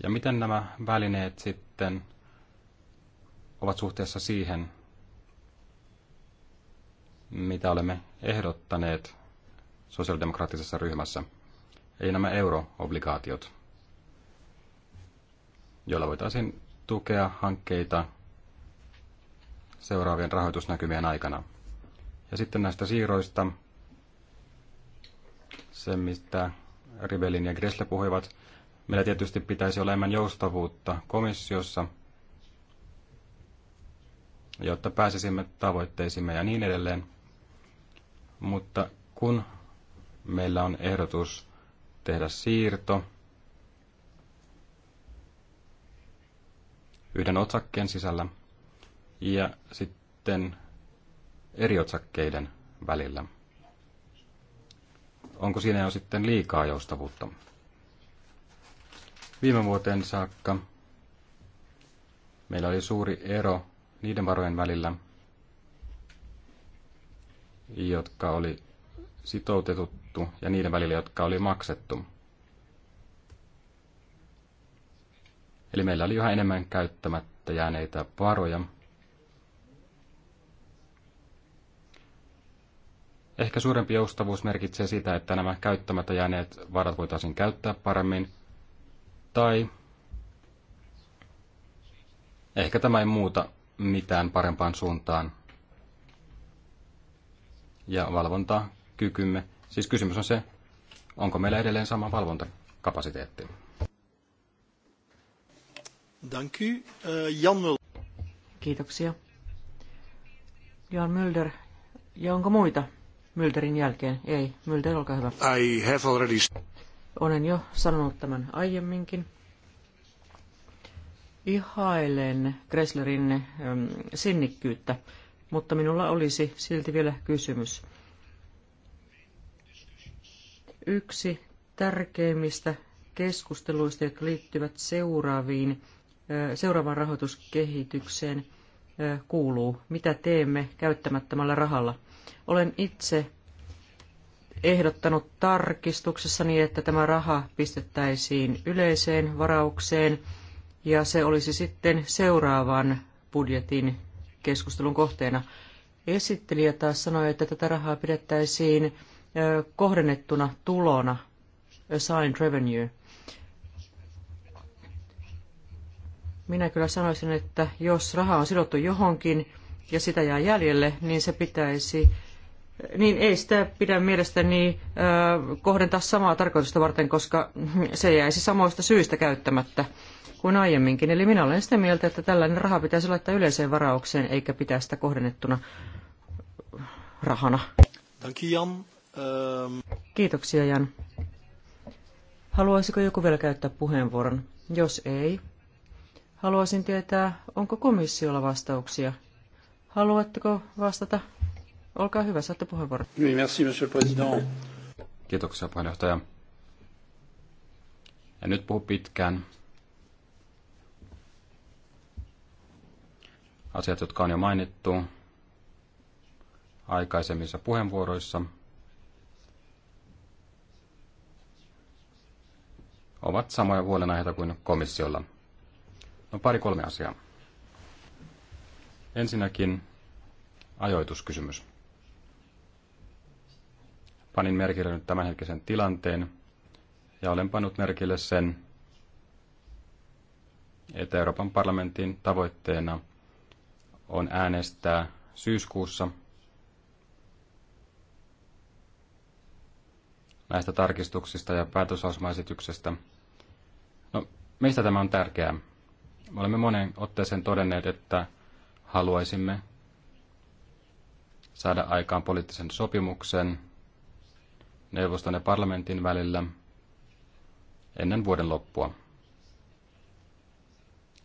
Ja miten nämä välineet sitten ovat suhteessa siihen, mitä olemme ehdottaneet sosiaalidemokraattisessa ryhmässä, ei nämä euroobligaatiot, joilla voitaisiin tukea hankkeita seuraavien rahoitusnäkymien aikana. Ja sitten näistä siirroista se, mistä Rivelin ja Gressle puhuivat. Meillä tietysti pitäisi olla enemmän joustavuutta komissiossa, jotta pääsisimme tavoitteisimme ja niin edelleen. Mutta kun meillä on ehdotus tehdä siirto yhden otsakkeen sisällä ja sitten eri otsakkeiden välillä onko siinä jo sitten liikaa joustavuutta? Viime vuoteen saakka meillä oli suuri ero niiden varojen välillä, jotka oli sitoutetuttu ja niiden välillä, jotka oli maksettu. Eli meillä oli yhä enemmän käyttämättä jääneitä varoja, Ehkä suurempi joustavuus merkitsee sitä, että nämä käyttämättä jääneet varat voitaisiin käyttää paremmin, tai ehkä tämä ei muuta mitään parempaan suuntaan. Ja valvontaa kykymme. Siis kysymys on se, onko meillä edelleen sama valvontakapasiteetti. Dank u. Eh, Jan Mulder. Kiitoksia. Jan Mulder. Ja onko muita? Mylderin jälkeen. Ei, Mylder, olkaa hyvä. I have already... Olen jo sanonut tämän aiemminkin. Ihailen Gresslerin ähm, sinnikkyyttä, mutta minulla olisi silti vielä kysymys. Yksi tärkeimmistä keskusteluista, jotka liittyvät seuraaviin, äh, seuraavaan rahoituskehitykseen, äh, kuuluu, mitä teemme käyttämättömällä rahalla – olen itse ehdottanut tarkistuksessani, niin, että tämä raha pistettäisiin yleiseen varaukseen ja se olisi sitten seuraavan budjetin keskustelun kohteena. Esittelijä taas sanoi, että tätä rahaa pidettäisiin kohdennettuna tulona, assigned revenue. Minä kyllä sanoisin, että jos raha on sidottu johonkin, ja sitä jää jäljelle, niin se pitäisi niin ei sitä pidä mielestäni kohdentaa samaa tarkoitusta varten, koska se jäisi samoista syistä käyttämättä kuin aiemminkin. Eli minä olen sitä mieltä, että tällainen raha pitäisi laittaa yleiseen varaukseen, eikä pitää sitä kohdennettuna rahana. Ehm, Kiitoksia, Jan. Haluaisiko joku vielä käyttää puheenvuoron? Jos ei, haluaisin tietää, onko komissiolla vastauksia Haluatteko vastata? Olkaa hyvä, saatte puheenvuoron. Oui, merci, monsieur le président. Kiitoksia, puheenjohtaja. En nyt puhu pitkään. Asiat, jotka on jo mainittu aikaisemmissa puheenvuoroissa, ovat samoja huolenaiheita kuin komissiolla. No pari-kolme asiaa. Ensinnäkin ajoituskysymys. Panin merkille nyt tämänhetkisen tilanteen ja olen pannut merkille sen, että Euroopan parlamentin tavoitteena on äänestää syyskuussa näistä tarkistuksista ja päätösasmaesityksestä. No, mistä tämä on tärkeää? Me olemme monen otteeseen todenneet, että haluaisimme saada aikaan poliittisen sopimuksen neuvoston ja parlamentin välillä ennen vuoden loppua.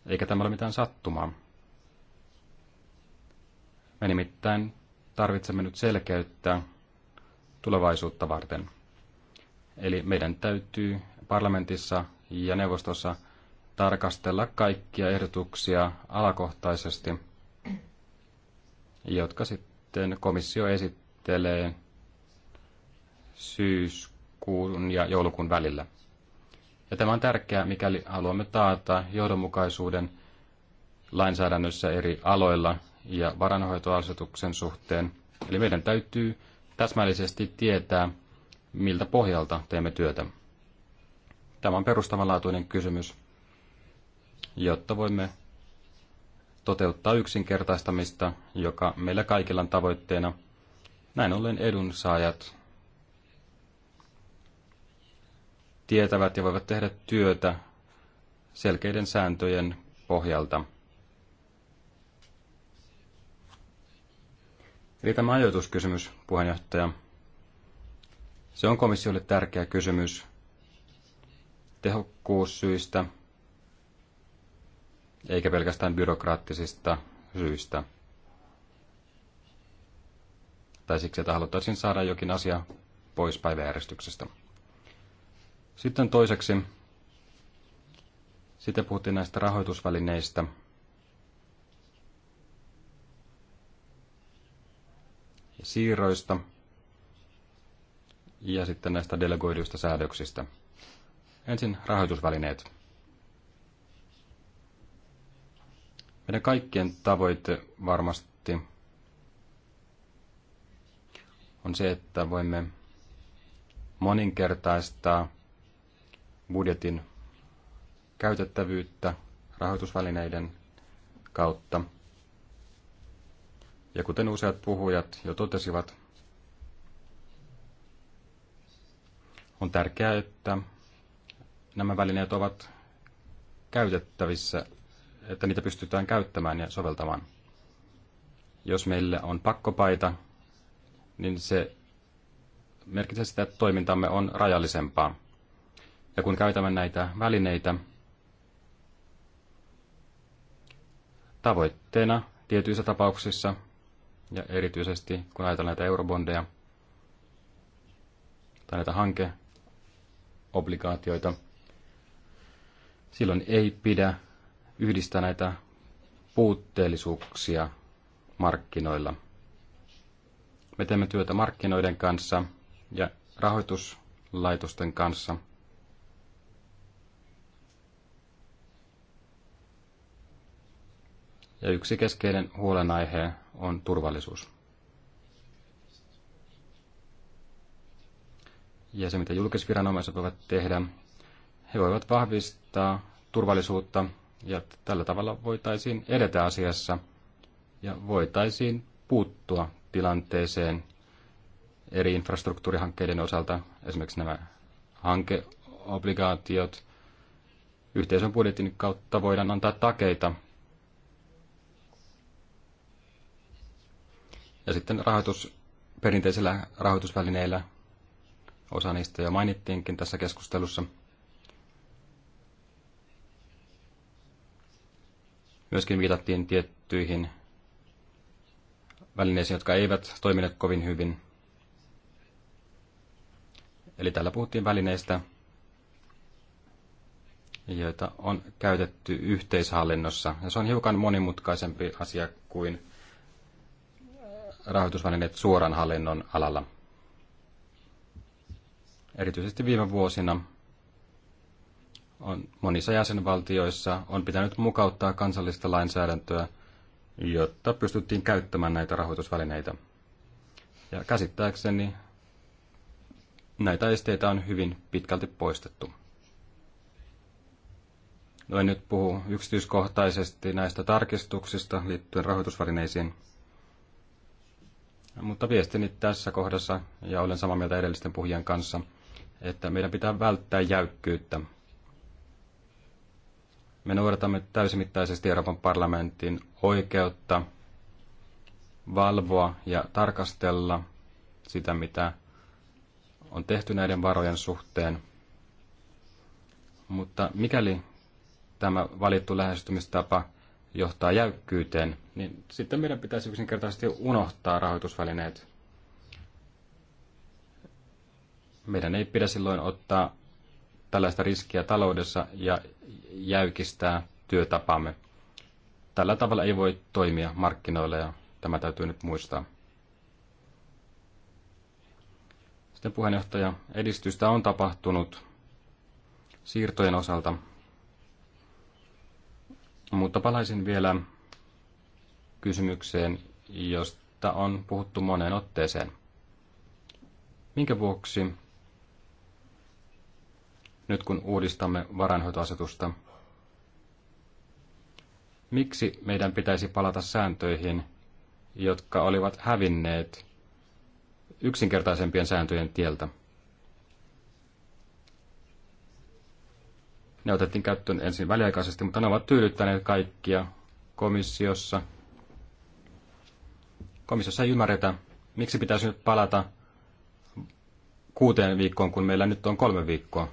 Eikä tämä ole mitään sattumaa. Me nimittäin tarvitsemme nyt selkeyttä tulevaisuutta varten. Eli meidän täytyy parlamentissa ja neuvostossa tarkastella kaikkia ehdotuksia alakohtaisesti – jotka sitten komissio esittelee syyskuun ja joulukuun välillä. Ja tämä on tärkeää, mikäli haluamme taata johdonmukaisuuden lainsäädännössä eri aloilla ja varanhoitoasetuksen suhteen. Eli meidän täytyy täsmällisesti tietää, miltä pohjalta teemme työtä. Tämä on perustavanlaatuinen kysymys, jotta voimme toteuttaa yksinkertaistamista, joka meillä kaikilla on tavoitteena. Näin ollen edunsaajat tietävät ja voivat tehdä työtä selkeiden sääntöjen pohjalta. Eli tämä ajoituskysymys, puheenjohtaja, se on komissiolle tärkeä kysymys tehokkuussyistä – eikä pelkästään byrokraattisista syistä. Tai siksi, että haluttaisiin saada jokin asia pois päiväjärjestyksestä. Sitten toiseksi, sitten puhuttiin näistä rahoitusvälineistä. Ja siirroista ja sitten näistä delegoiduista säädöksistä. Ensin rahoitusvälineet. Meidän kaikkien tavoite varmasti on se, että voimme moninkertaistaa budjetin käytettävyyttä rahoitusvälineiden kautta. Ja kuten useat puhujat jo totesivat, on tärkeää, että nämä välineet ovat käytettävissä että niitä pystytään käyttämään ja soveltamaan. Jos meillä on pakkopaita, niin se merkitsee sitä, että toimintamme on rajallisempaa. Ja kun käytämme näitä välineitä, tavoitteena tietyissä tapauksissa, ja erityisesti kun ajatellaan näitä eurobondeja tai näitä hankeobligaatioita, silloin ei pidä yhdistää näitä puutteellisuuksia markkinoilla. Me teemme työtä markkinoiden kanssa ja rahoituslaitosten kanssa. Ja yksi keskeinen huolenaihe on turvallisuus. Ja se, mitä julkisviranomaiset voivat tehdä, he voivat vahvistaa turvallisuutta ja tällä tavalla voitaisiin edetä asiassa ja voitaisiin puuttua tilanteeseen eri infrastruktuurihankkeiden osalta, esimerkiksi nämä hankeobligaatiot. Yhteisön budjetin kautta voidaan antaa takeita. Ja sitten rahoitus, perinteisillä rahoitusvälineillä, osa niistä jo mainittiinkin tässä keskustelussa – Myöskin viitattiin tiettyihin välineisiin, jotka eivät toimineet kovin hyvin. Eli täällä puhuttiin välineistä, joita on käytetty yhteishallinnossa. Ja se on hiukan monimutkaisempi asia kuin äh, rahoitusvälineet suoran hallinnon alalla. Erityisesti viime vuosina on, monissa jäsenvaltioissa on pitänyt mukauttaa kansallista lainsäädäntöä, jotta pystyttiin käyttämään näitä rahoitusvälineitä. Ja käsittääkseni näitä esteitä on hyvin pitkälti poistettu. No en nyt puhu yksityiskohtaisesti näistä tarkistuksista liittyen rahoitusvälineisiin, mutta viestini tässä kohdassa, ja olen samaa mieltä edellisten puhujien kanssa, että meidän pitää välttää jäykkyyttä me noudatamme täysimittaisesti Euroopan parlamentin oikeutta valvoa ja tarkastella sitä, mitä on tehty näiden varojen suhteen. Mutta mikäli tämä valittu lähestymistapa johtaa jäykkyyteen, niin sitten meidän pitäisi yksinkertaisesti unohtaa rahoitusvälineet. Meidän ei pidä silloin ottaa tällaista riskiä taloudessa ja jäykistää työtapaamme. Tällä tavalla ei voi toimia markkinoilla ja tämä täytyy nyt muistaa. Sitten puheenjohtaja, edistystä on tapahtunut siirtojen osalta, mutta palaisin vielä kysymykseen, josta on puhuttu moneen otteeseen. Minkä vuoksi nyt kun uudistamme varainhoitoasetusta. Miksi meidän pitäisi palata sääntöihin, jotka olivat hävinneet yksinkertaisempien sääntöjen tieltä? Ne otettiin käyttöön ensin väliaikaisesti, mutta ne ovat tyydyttäneet kaikkia komissiossa. Komissiossa ei ymmärretä, miksi pitäisi nyt palata kuuteen viikkoon, kun meillä nyt on kolme viikkoa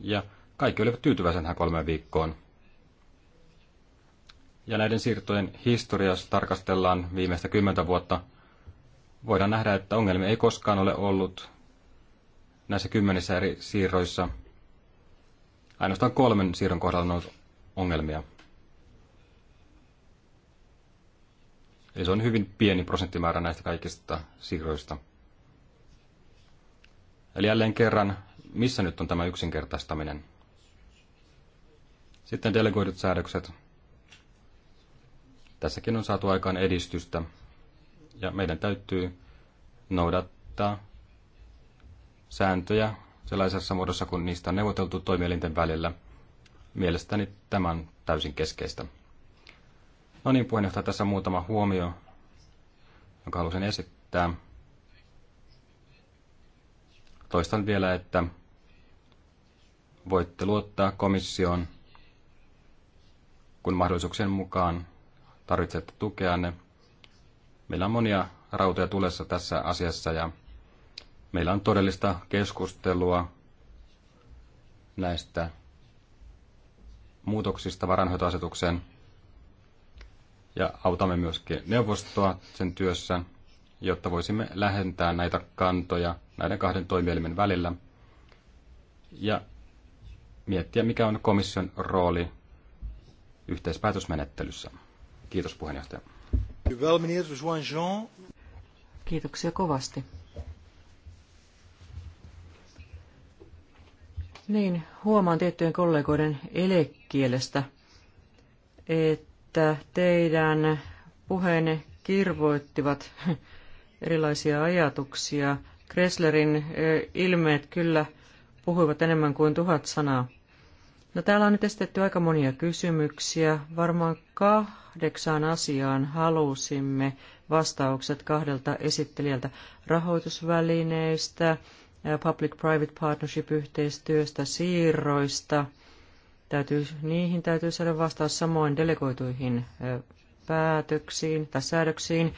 ja kaikki olivat tyytyväisiä tähän kolmeen viikkoon. Ja näiden siirtojen historia, jos tarkastellaan viimeistä kymmentä vuotta, voidaan nähdä, että ongelmia ei koskaan ole ollut näissä kymmenissä eri siirroissa. Ainoastaan kolmen siirron kohdalla on ollut ongelmia. Eli se on hyvin pieni prosenttimäärä näistä kaikista siirroista. Eli jälleen kerran missä nyt on tämä yksinkertaistaminen? Sitten delegoidut säädökset. Tässäkin on saatu aikaan edistystä, ja meidän täytyy noudattaa sääntöjä sellaisessa muodossa, kun niistä on neuvoteltu toimielinten välillä. Mielestäni tämä on täysin keskeistä. No niin, puheenjohtaja, tässä on muutama huomio, jonka halusin esittää. Toistan vielä, että voitte luottaa komissioon, kun mahdollisuuksien mukaan tarvitsette tukeanne. Meillä on monia rautoja tulessa tässä asiassa ja meillä on todellista keskustelua näistä muutoksista varanhoitoasetukseen ja autamme myöskin neuvostoa sen työssä, jotta voisimme lähentää näitä kantoja näiden kahden toimielimen välillä ja miettiä, mikä on komission rooli yhteispäätösmenettelyssä. Kiitos puheenjohtaja. Kiitoksia kovasti. Niin, huomaan tiettyjen kollegoiden elekielestä, että teidän puheenne kirvoittivat erilaisia ajatuksia. Kresslerin eh, ilmeet kyllä puhuivat enemmän kuin tuhat sanaa. No, täällä on nyt esitetty aika monia kysymyksiä. Varmaan kahdeksaan asiaan halusimme vastaukset kahdelta esittelijältä rahoitusvälineistä, public-private partnership-yhteistyöstä, siirroista. Täytyy, niihin täytyy saada vastaus samoin delegoituihin päätöksiin tai säädöksiin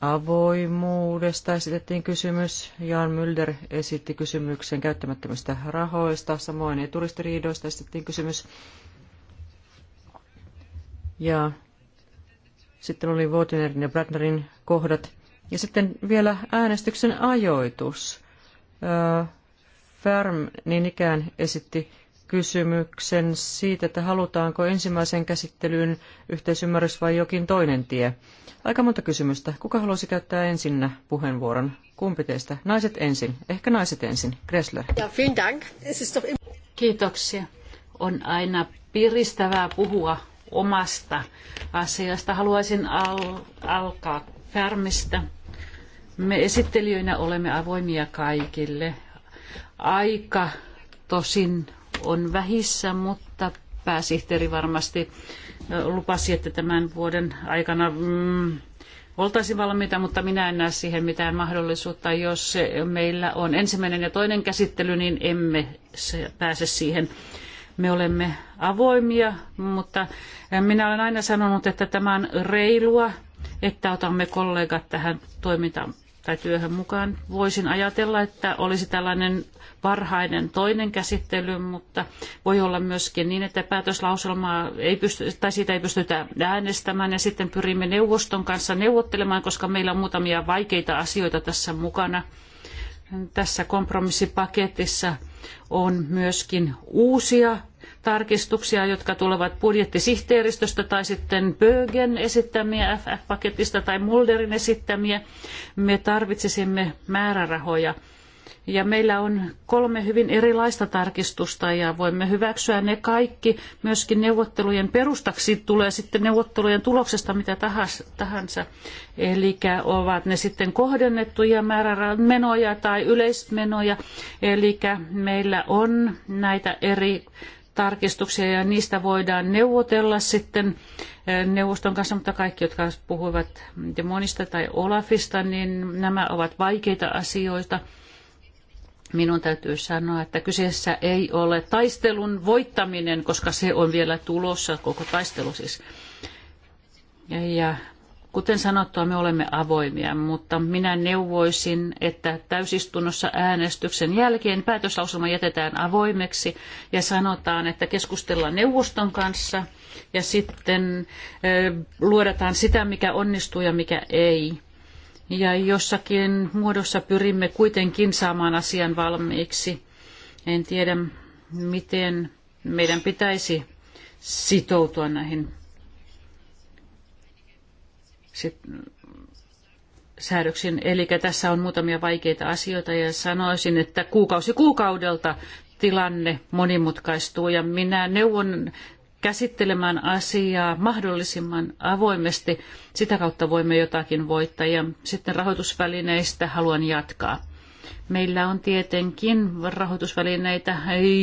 avoimuudesta esitettiin kysymys. Jan Mulder esitti kysymyksen käyttämättömistä rahoista, samoin eturistiriidoista esitettiin kysymys. Ja sitten oli Voutinerin ja Bradnerin kohdat. Ja sitten vielä äänestyksen ajoitus. Färm niin ikään esitti kysymyksen siitä, että halutaanko ensimmäisen käsittelyyn yhteisymmärrys vai jokin toinen tie. Aika monta kysymystä. Kuka haluaisi käyttää ensin puheenvuoron? Kumpi teistä? Naiset ensin. Ehkä naiset ensin. Kressler? Ja, vielen dank. Kiitoksia. On aina piristävää puhua omasta asiasta. Haluaisin al- alkaa Färmistä. Me esittelijöinä olemme avoimia kaikille. Aika tosin on vähissä, mutta pääsihteeri varmasti lupasi, että tämän vuoden aikana mm, oltaisiin valmiita, mutta minä en näe siihen mitään mahdollisuutta. Jos meillä on ensimmäinen ja toinen käsittely, niin emme pääse siihen. Me olemme avoimia, mutta minä olen aina sanonut, että tämä on reilua, että otamme kollegat tähän toimintaan tai työhön mukaan. Voisin ajatella, että olisi tällainen varhainen toinen käsittely, mutta voi olla myöskin niin, että päätöslauselmaa ei pysty, tai siitä ei pystytä äänestämään ja sitten pyrimme neuvoston kanssa neuvottelemaan, koska meillä on muutamia vaikeita asioita tässä mukana. Tässä kompromissipaketissa on myöskin uusia tarkistuksia, jotka tulevat budjettisihteeristöstä tai sitten Bögen esittämiä FF-paketista tai Mulderin esittämiä. Me tarvitsisimme määrärahoja. Ja meillä on kolme hyvin erilaista tarkistusta ja voimme hyväksyä ne kaikki. Myöskin neuvottelujen perustaksi tulee sitten neuvottelujen tuloksesta mitä tahansa. Eli ovat ne sitten kohdennettuja määrämenoja tai yleismenoja. Eli meillä on näitä eri tarkistuksia ja niistä voidaan neuvotella sitten eh, neuvoston kanssa, mutta kaikki, jotka puhuivat Demonista tai Olafista, niin nämä ovat vaikeita asioita. Minun täytyy sanoa, että kyseessä ei ole taistelun voittaminen, koska se on vielä tulossa, koko taistelu siis. Ja Kuten sanottua, me olemme avoimia, mutta minä neuvoisin, että täysistunnossa äänestyksen jälkeen päätöslauselma jätetään avoimeksi ja sanotaan, että keskustellaan neuvoston kanssa ja sitten luodataan sitä, mikä onnistuu ja mikä ei. Ja jossakin muodossa pyrimme kuitenkin saamaan asian valmiiksi. En tiedä, miten meidän pitäisi sitoutua näihin sit, säädöksin. Eli tässä on muutamia vaikeita asioita ja sanoisin, että kuukausi kuukaudelta tilanne monimutkaistuu ja minä neuvon käsittelemään asiaa mahdollisimman avoimesti. Sitä kautta voimme jotakin voittaa ja sitten rahoitusvälineistä haluan jatkaa. Meillä on tietenkin rahoitusvälineitä,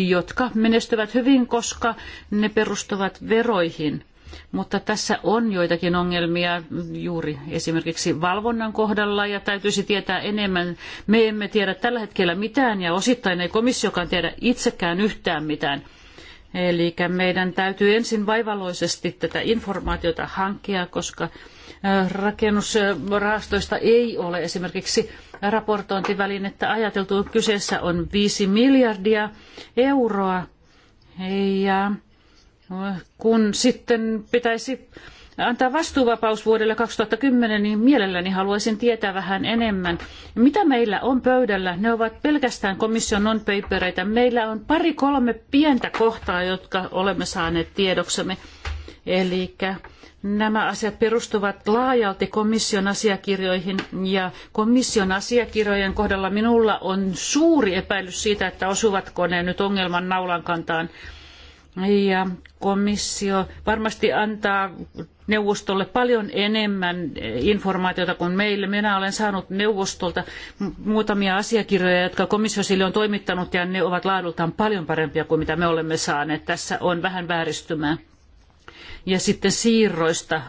jotka menestyvät hyvin, koska ne perustuvat veroihin. Mutta tässä on joitakin ongelmia juuri esimerkiksi valvonnan kohdalla ja täytyisi tietää enemmän. Me emme tiedä tällä hetkellä mitään ja osittain ei komissiokaan tiedä itsekään yhtään mitään. Eli meidän täytyy ensin vaivalloisesti tätä informaatiota hankkia, koska rakennusrahastoista ei ole esimerkiksi raportointivälinettä ajateltu. Kyseessä on viisi miljardia euroa ja kun sitten pitäisi antaa vastuuvapaus vuodelle 2010, niin mielelläni haluaisin tietää vähän enemmän. Mitä meillä on pöydällä? Ne ovat pelkästään komission non-papereita. Meillä on pari-kolme pientä kohtaa, jotka olemme saaneet tiedoksemme. Eli nämä asiat perustuvat laajalti komission asiakirjoihin ja komission asiakirjojen kohdalla minulla on suuri epäilys siitä, että osuvatko ne nyt ongelman naulan kantaan ja komissio varmasti antaa neuvostolle paljon enemmän informaatiota kuin meille. Minä olen saanut neuvostolta muutamia asiakirjoja, jotka komissio sille on toimittanut ja ne ovat laadultaan paljon parempia kuin mitä me olemme saaneet. Tässä on vähän vääristymää. Ja sitten siirroista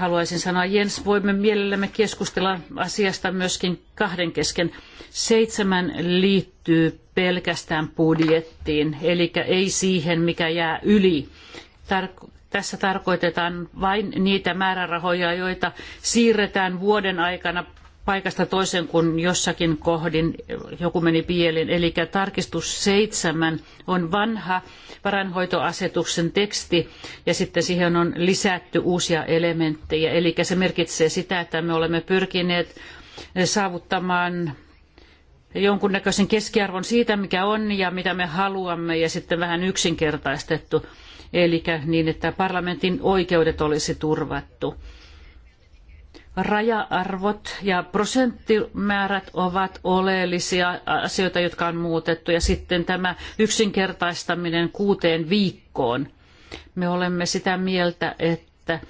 haluaisin sanoa. Jens, voimme mielellämme keskustella asiasta myöskin kahden kesken. Seitsemän liittyy pelkästään budjettiin, eli ei siihen, mikä jää yli. tässä tarkoitetaan vain niitä määrärahoja, joita siirretään vuoden aikana paikasta toiseen, kun jossakin kohdin joku meni pieleen. Eli tarkistus seitsemän on vanha varainhoitoasetuksen teksti ja sitten siihen on lisätty uusia elementtejä. Eli se merkitsee sitä, että me olemme pyrkineet saavuttamaan jonkunnäköisen keskiarvon siitä, mikä on ja mitä me haluamme ja sitten vähän yksinkertaistettu. Eli niin, että parlamentin oikeudet olisi turvattu raja-arvot ja prosenttimäärät ovat oleellisia asioita, jotka on muutettu. Ja sitten tämä yksinkertaistaminen kuuteen viikkoon. Me olemme sitä mieltä, että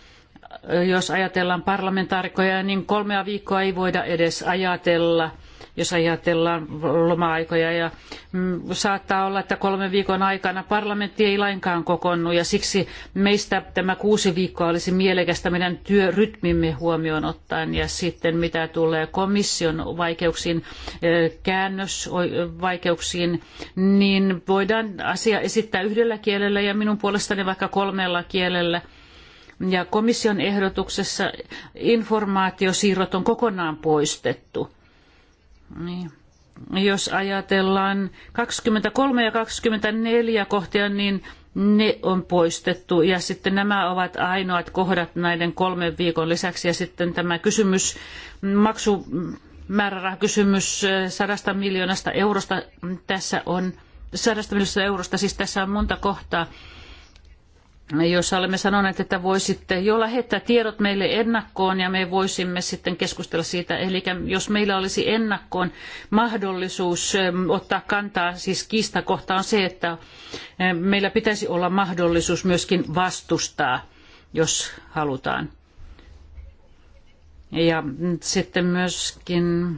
jos ajatellaan parlamentaarikkoja, niin kolmea viikkoa ei voida edes ajatella jos ajatellaan loma-aikoja. Ja mm, saattaa olla, että kolmen viikon aikana parlamentti ei lainkaan kokoonnu ja siksi meistä tämä kuusi viikkoa olisi mielekästä meidän työrytmimme huomioon ottaen. Ja sitten mitä tulee komission vaikeuksiin, eh, käännösvaikeuksiin, niin voidaan asia esittää yhdellä kielellä ja minun puolestani vaikka kolmella kielellä ja komission ehdotuksessa informaatiosiirrot on kokonaan poistettu. Niin. Jos ajatellaan 23 ja 24 kohtia, niin ne on poistettu ja sitten nämä ovat ainoat kohdat näiden kolmen viikon lisäksi ja sitten tämä kysymys, maksumäärärahakysymys eh, sadasta miljoonasta eurosta tässä on, sadasta miljoonasta eurosta, siis tässä on monta kohtaa, jossa olemme sanoneet, että voisitte jo lähettää tiedot meille ennakkoon ja me voisimme sitten keskustella siitä. Eli jos meillä olisi ennakkoon mahdollisuus ähm, ottaa kantaa, siis kiistakohta on se, että ähm, meillä pitäisi olla mahdollisuus myöskin vastustaa, jos halutaan. Ja sitten myöskin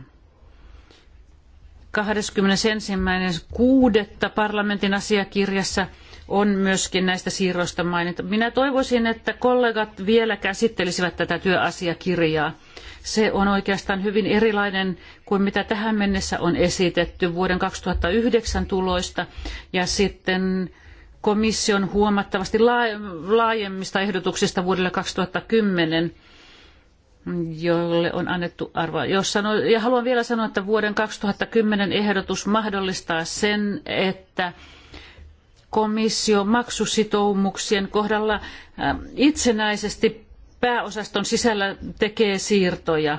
21.6. parlamentin asiakirjassa – on myöskin näistä siirroista mainittu. Minä toivoisin, että kollegat vielä käsittelisivät tätä työasiakirjaa. Se on oikeastaan hyvin erilainen kuin mitä tähän mennessä on esitetty vuoden 2009 tuloista ja sitten komission huomattavasti laajemmista ehdotuksista vuodelle 2010 jolle on annettu arvo. Jos sano, ja haluan vielä sanoa, että vuoden 2010 ehdotus mahdollistaa sen, että komissio maksusitoumuksien kohdalla ähm, itsenäisesti pääosaston sisällä tekee siirtoja.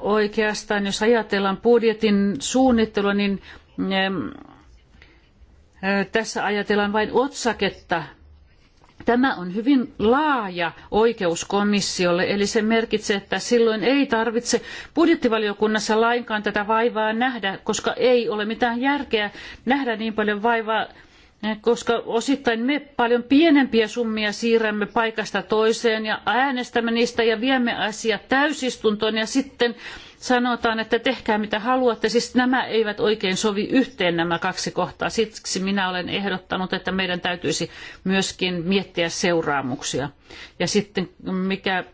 Oikeastaan, jos ajatellaan budjetin suunnittelua, niin ähm, tässä ajatellaan vain otsaketta Tämä on hyvin laaja oikeus komissiolle, eli se merkitsee, että silloin ei tarvitse budjettivaliokunnassa lainkaan tätä vaivaa nähdä, koska ei ole mitään järkeä nähdä niin paljon vaivaa koska osittain me paljon pienempiä summia siirrämme paikasta toiseen ja äänestämme niistä ja viemme asiat täysistuntoon ja sitten sanotaan, että tehkää mitä haluatte. Siis nämä eivät oikein sovi yhteen nämä kaksi kohtaa. Siksi minä olen ehdottanut, että meidän täytyisi myöskin miettiä seuraamuksia. Ja sitten mikä,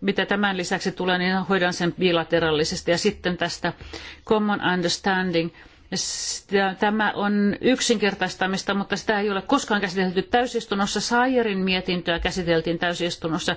mitä tämän lisäksi tulee, niin hoidan sen bilateraalisesti. Ja sitten tästä common understanding – Tämä on yksinkertaistamista, mutta sitä ei ole koskaan käsitelty täysistunnossa. Saajerin mietintöä käsiteltiin täysistunnossa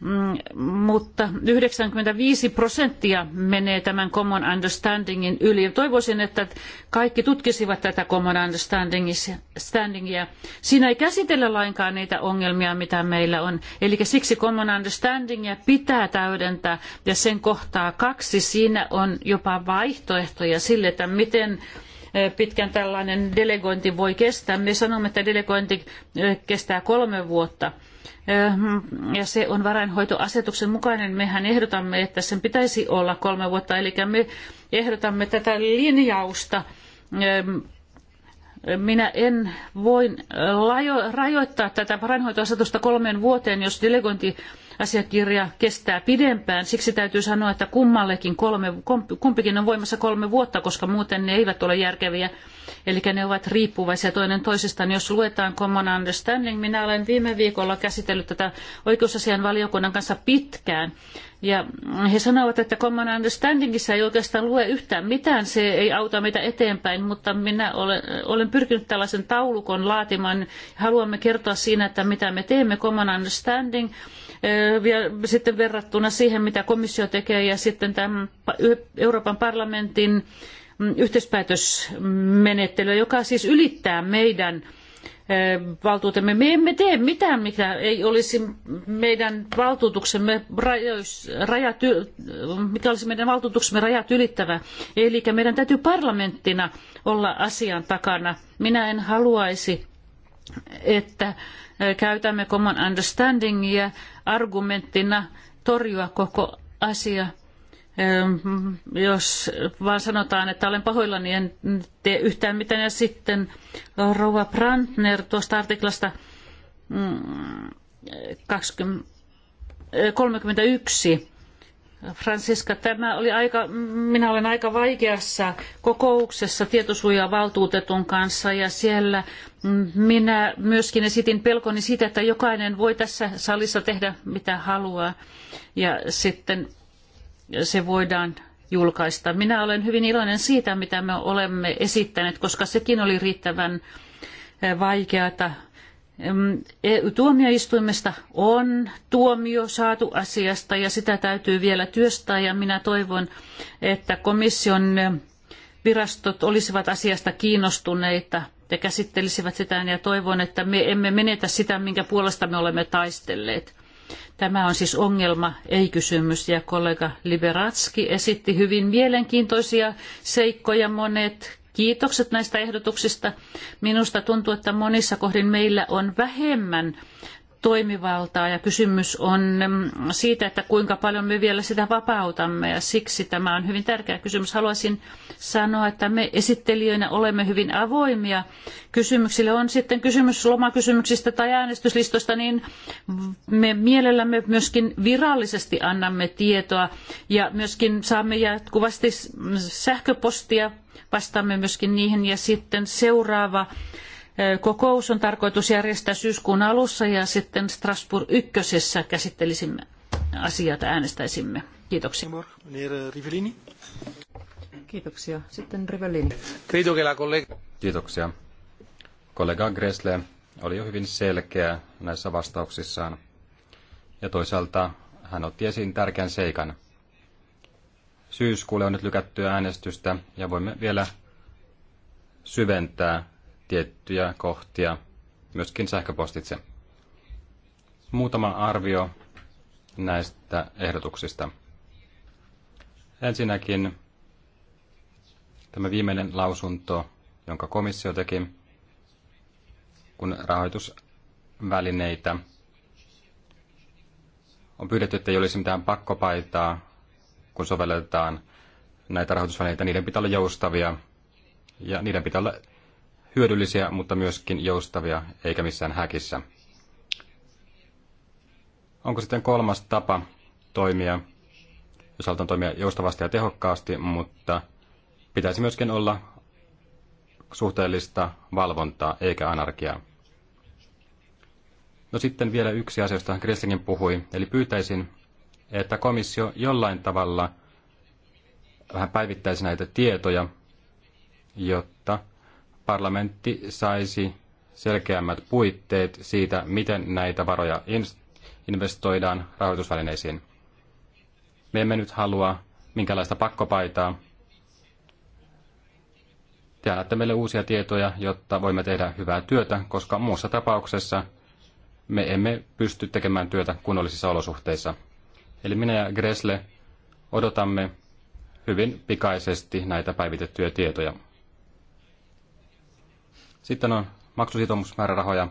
Mm, mutta 95 prosenttia menee tämän common understandingin yli. Toivoisin, että kaikki tutkisivat tätä common understandingia. Siinä ei käsitellä lainkaan niitä ongelmia, mitä meillä on. Eli siksi common understandingia pitää täydentää ja sen kohtaa kaksi. Siinä on jopa vaihtoehtoja sille, että miten eh, pitkän tällainen delegointi voi kestää. Me sanomme, että delegointi eh, kestää kolme vuotta Ehm, ja se on varainhoitoasetuksen mukainen. Mehän ehdotamme, että sen pitäisi olla kolme vuotta, eli me ehdotamme tätä linjausta. Ehm, minä en voi rajoittaa tätä varainhoitoasetusta kolmeen vuoteen, jos delegointi asiakirja kestää pidempään. Siksi täytyy sanoa, että kummallekin kolme, kumpikin on voimassa kolme vuotta, koska muuten ne eivät ole järkeviä. Eli ne ovat riippuvaisia toinen toisistaan. Jos luetaan Common Understanding, minä olen viime viikolla käsitellyt tätä oikeusasian valiokunnan kanssa pitkään. Ja he sanovat, että Common Understandingissa ei oikeastaan lue yhtään mitään, se ei auta meitä eteenpäin, mutta minä olen, olen pyrkinyt tällaisen taulukon laatimaan. Haluamme kertoa siinä, että mitä me teemme Common Understanding sitten verrattuna siihen, mitä komissio tekee ja sitten tämän Euroopan parlamentin mm, yhteispäätösmenettely, joka siis ylittää meidän valtuutemme. Me emme tee mitään, mikä ei olisi meidän valtuutuksemme rajois, rajat, mikä olisi meidän valtuutuksemme rajat ylittävä. Eli meidän täytyy parlamenttina olla asian takana. Minä en haluaisi, että käytämme common understandingia argumenttina torjua koko asia, jos vaan sanotaan, että olen pahoillani, niin en tee yhtään mitään. Ja sitten Rova Brandner tuosta artiklasta 20, mm, 31 Franciska, tämä oli aika, minä olen aika vaikeassa kokouksessa tietosuojavaltuutetun kanssa ja siellä minä myöskin esitin pelkoni siitä, että jokainen voi tässä salissa tehdä mitä haluaa ja sitten se voidaan julkaista. Minä olen hyvin iloinen siitä, mitä me olemme esittäneet, koska sekin oli riittävän vaikeata E, tuomioistuimesta on tuomio saatu asiasta ja sitä täytyy vielä työstää ja minä toivon, että komission virastot olisivat asiasta kiinnostuneita ja käsittelisivät sitä ja toivon, että me emme menetä sitä, minkä puolesta me olemme taistelleet. Tämä on siis ongelma, ei kysymys, ja kollega Liberatski esitti hyvin mielenkiintoisia seikkoja. Monet kiitokset näistä ehdotuksista. Minusta tuntuu, että monissa kohdin meillä on vähemmän toimivaltaa ja kysymys on mm, siitä, että kuinka paljon me vielä sitä vapautamme ja siksi tämä on hyvin tärkeä kysymys. Haluaisin sanoa, että me esittelijöinä olemme hyvin avoimia kysymyksille. On sitten kysymys lomakysymyksistä tai äänestyslistoista, niin me mielellämme myöskin virallisesti annamme tietoa ja myöskin saamme jatkuvasti sähköpostia vastamme myöskin niihin. Ja sitten seuraava kokous on tarkoitus järjestää syyskuun alussa ja sitten Strasbourg ykkösessä käsittelisimme asiat äänestäisimme. Kiitoksia. Kiitoksia. Sitten Rivellini. Kiitoksia. Kollega Gressle oli jo hyvin selkeä näissä vastauksissaan. Ja toisaalta hän otti esiin tärkeän seikan – syyskuulle on nyt lykätty äänestystä ja voimme vielä syventää tiettyjä kohtia myöskin sähköpostitse. Muutama arvio näistä ehdotuksista. Ensinnäkin tämä viimeinen lausunto, jonka komissio teki, kun rahoitusvälineitä on pyydetty, että ei olisi mitään pakkopaitaa kun sovelletaan näitä rahoitusvälineitä, niiden pitää olla joustavia ja niiden pitää olla hyödyllisiä, mutta myöskin joustavia, eikä missään häkissä. Onko sitten kolmas tapa toimia, jos halutaan toimia joustavasti ja tehokkaasti, mutta pitäisi myöskin olla suhteellista valvontaa eikä anarkiaa. No sitten vielä yksi asia, josta Gressingin puhui, eli pyytäisin, että komissio jollain tavalla vähän päivittäisi näitä tietoja, jotta parlamentti saisi selkeämmät puitteet siitä, miten näitä varoja investoidaan rahoitusvälineisiin. Me emme nyt halua minkälaista pakkopaitaa. Te annatte meille uusia tietoja, jotta voimme tehdä hyvää työtä, koska muussa tapauksessa me emme pysty tekemään työtä kunnollisissa olosuhteissa. Eli minä ja Gresle odotamme hyvin pikaisesti näitä päivitettyjä tietoja. Sitten on maksusitoumusmäärärahoja.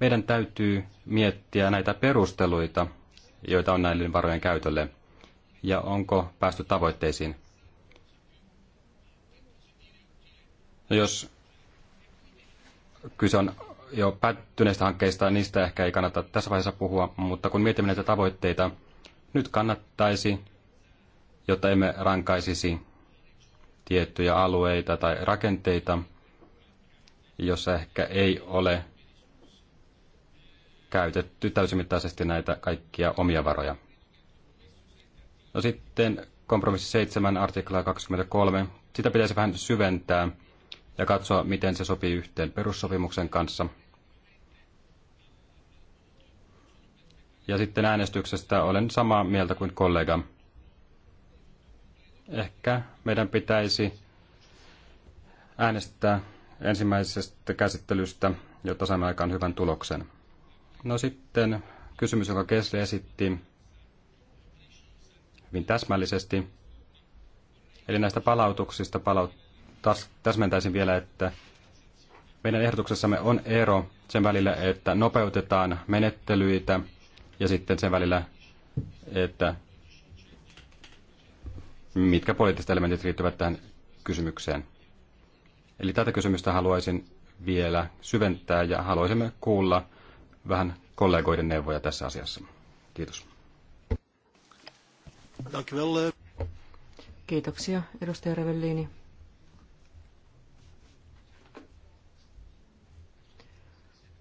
Meidän täytyy miettiä näitä perusteluita, joita on näille varojen käytölle, ja onko päästy tavoitteisiin. No jos kyse on jo päättyneistä hankkeista, niistä ehkä ei kannata tässä vaiheessa puhua, mutta kun mietimme näitä tavoitteita, nyt kannattaisi, jotta emme rankaisisi tiettyjä alueita tai rakenteita, jossa ehkä ei ole käytetty täysimittaisesti näitä kaikkia omia varoja. No sitten kompromissi 7, artikla 23. Sitä pitäisi vähän syventää ja katsoa, miten se sopii yhteen perussopimuksen kanssa – Ja sitten äänestyksestä olen samaa mieltä kuin kollega. Ehkä meidän pitäisi äänestää ensimmäisestä käsittelystä, jotta saamme aikaan hyvän tuloksen. No sitten kysymys, joka Kesli esitti hyvin täsmällisesti. Eli näistä palautuksista palaut, tas, täsmentäisin vielä, että meidän ehdotuksessamme on ero sen välillä, että nopeutetaan menettelyitä – ja sitten sen välillä, että mitkä poliittiset elementit liittyvät tähän kysymykseen. Eli tätä kysymystä haluaisin vielä syventää ja haluaisimme kuulla vähän kollegoiden neuvoja tässä asiassa. Kiitos. Eh. Kiitoksia, edustaja Revellini.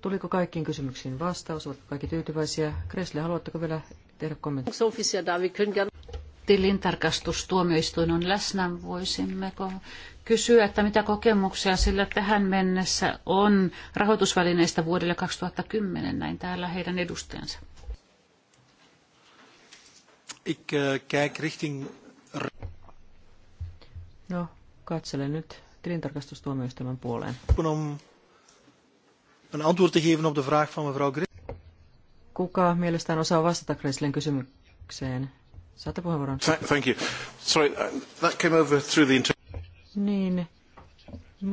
Tuliko kaikkiin kysymyksiin vastaus? Oletko kaikki tyytyväisiä? Kresle, haluatteko vielä tehdä kommentti? Tilintarkastustuomioistuin on läsnä. Voisimmeko kysyä, että mitä kokemuksia sillä tähän mennessä on rahoitusvälineistä vuodelle 2010, näin täällä heidän edustajansa? Eh, no, katselen nyt tilintarkastustuomioistuimen puoleen. Kun on een antwoord te geven op de vraag van mevrouw Gris? Kuka mielestään osaa vastata Grislin kysymykseen? Saatte puheenvuoron. Thank you. Sorry, uh, that came over through the inter- Niin.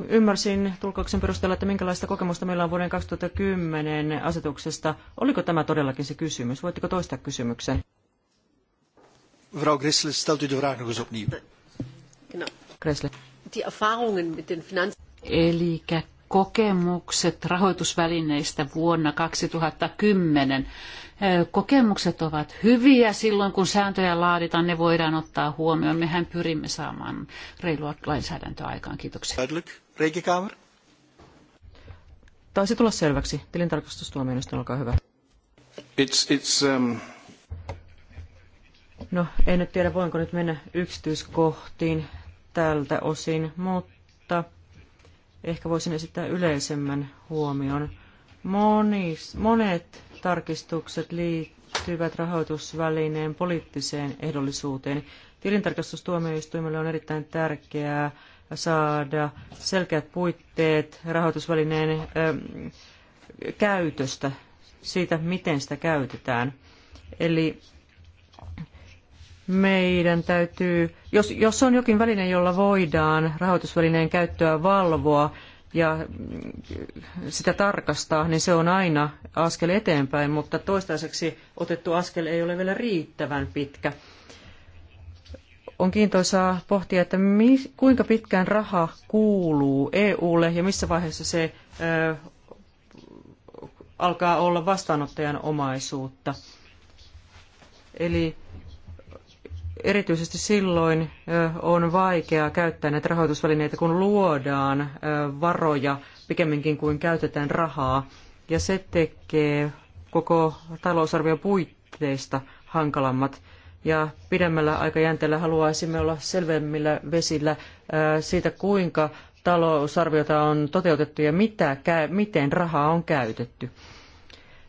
Ymmärsin tulkauksen perusteella, että minkälaista kokemusta meillä on vuoden 2010 asetuksesta. Oliko tämä todellakin se kysymys? Voitteko toistaa kysymyksen? Mevrouw Gressle, stelt u de vraag nog eens opnieuw. Gressle. Die Erfahrungen mit den Finanz... Eli kokemukset rahoitusvälineistä vuonna 2010. Kokemukset ovat hyviä silloin, kun sääntöjä laaditaan, ne voidaan ottaa huomioon. Mehän pyrimme saamaan reilua lainsäädäntöä aikaan. Kiitoksia. Reikikamer. Taisi tulla selväksi. Tilintarkastustuomioistuin, olkaa hyvä. It's, it's, um... No, en nyt tiedä, voinko nyt mennä yksityiskohtiin tältä osin, mutta Ehkä voisin esittää yleisemmän huomion. Monis, monet tarkistukset liittyvät rahoitusvälineen poliittiseen ehdollisuuteen. Tilintarkastustuomioistuimelle on erittäin tärkeää saada selkeät puitteet rahoitusvälineen käytöstä, siitä miten sitä käytetään. Eli meidän täytyy, jos, jos on jokin väline, jolla voidaan rahoitusvälineen käyttöä valvoa ja sitä tarkastaa, niin se on aina askel eteenpäin, mutta toistaiseksi otettu askel ei ole vielä riittävän pitkä. On kiintoisaa pohtia, että mi, kuinka pitkään raha kuuluu EUlle ja missä vaiheessa se ö, alkaa olla vastaanottajan omaisuutta. Eli erityisesti silloin on vaikeaa käyttää näitä rahoitusvälineitä, kun luodaan varoja pikemminkin kuin käytetään rahaa. Ja se tekee koko talousarvion puitteista hankalammat. Ja pidemmällä aikajänteellä haluaisimme olla selvemmillä vesillä siitä, kuinka talousarviota on toteutettu ja mitä, miten rahaa on käytetty.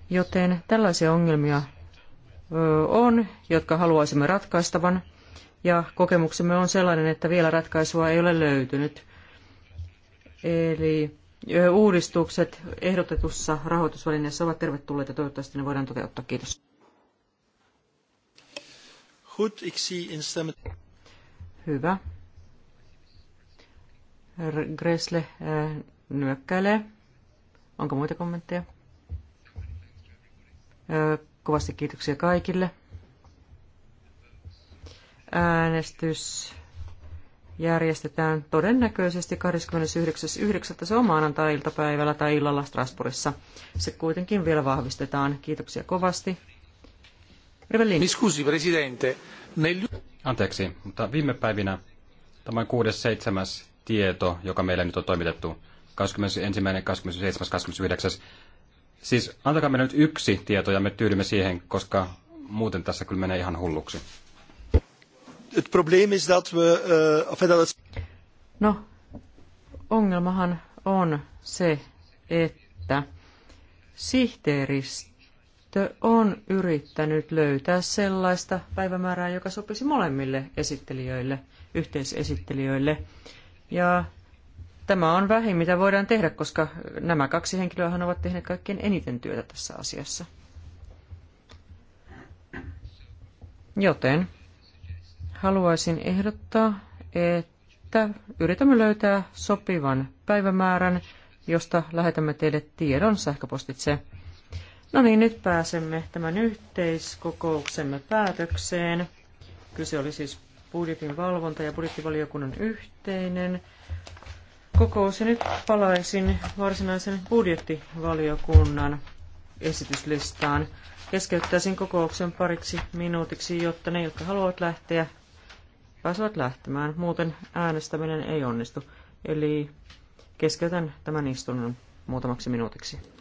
Joten tällaisia ongelmia on, jotka haluaisimme ratkaistavan, ja kokemuksemme on sellainen, että vielä ratkaisua ei ole löytynyt. Eli uudistukset ehdotetussa rahoitusvälineessä ovat tervetulleita. Toivottavasti ne voidaan toteuttaa. Kiitos. Hyvä. Gresle nyökkäilee. Onko muita kommentteja? Kovasti kiitoksia kaikille. Äänestys järjestetään todennäköisesti 29.9. se on maanantai-iltapäivällä tai illalla Strasbourgissa. Se kuitenkin vielä vahvistetaan. Kiitoksia kovasti. Rivellini. Scusi, presidente. Nel... Anteeksi, mutta viime päivinä tämä 6.7. tieto, joka meille nyt on toimitettu 21.27.29. 29. Siis antakaa me nyt yksi tieto ja me tyydymme siihen, koska muuten tässä kyllä menee ihan hulluksi. Het probleem is dat we, eh, No, ongelmahan on se, että sihteeristö on yrittänyt löytää sellaista päivämäärää, joka sopisi molemmille esittelijöille, yhteisesittelijöille. Ja Tämä on vähin, mitä voidaan tehdä, koska nämä kaksi henkilöä ovat tehneet kaikkein eniten työtä tässä asiassa. Joten haluaisin ehdottaa, että yritämme löytää sopivan päivämäärän, josta lähetämme teille tiedon sähköpostitse. No niin, nyt pääsemme tämän yhteiskokouksemme päätökseen. Kyse oli siis budjetin valvonta ja budjettivaliokunnan yhteinen kokous. Ja nyt palaisin varsinaisen budjettivaliokunnan esityslistaan. Keskeyttäisin kokouksen pariksi minuutiksi, jotta ne, jotka haluavat lähteä, pääsevät lähtemään. Muuten äänestäminen ei onnistu. Eli keskeytän tämän istunnon muutamaksi minuutiksi.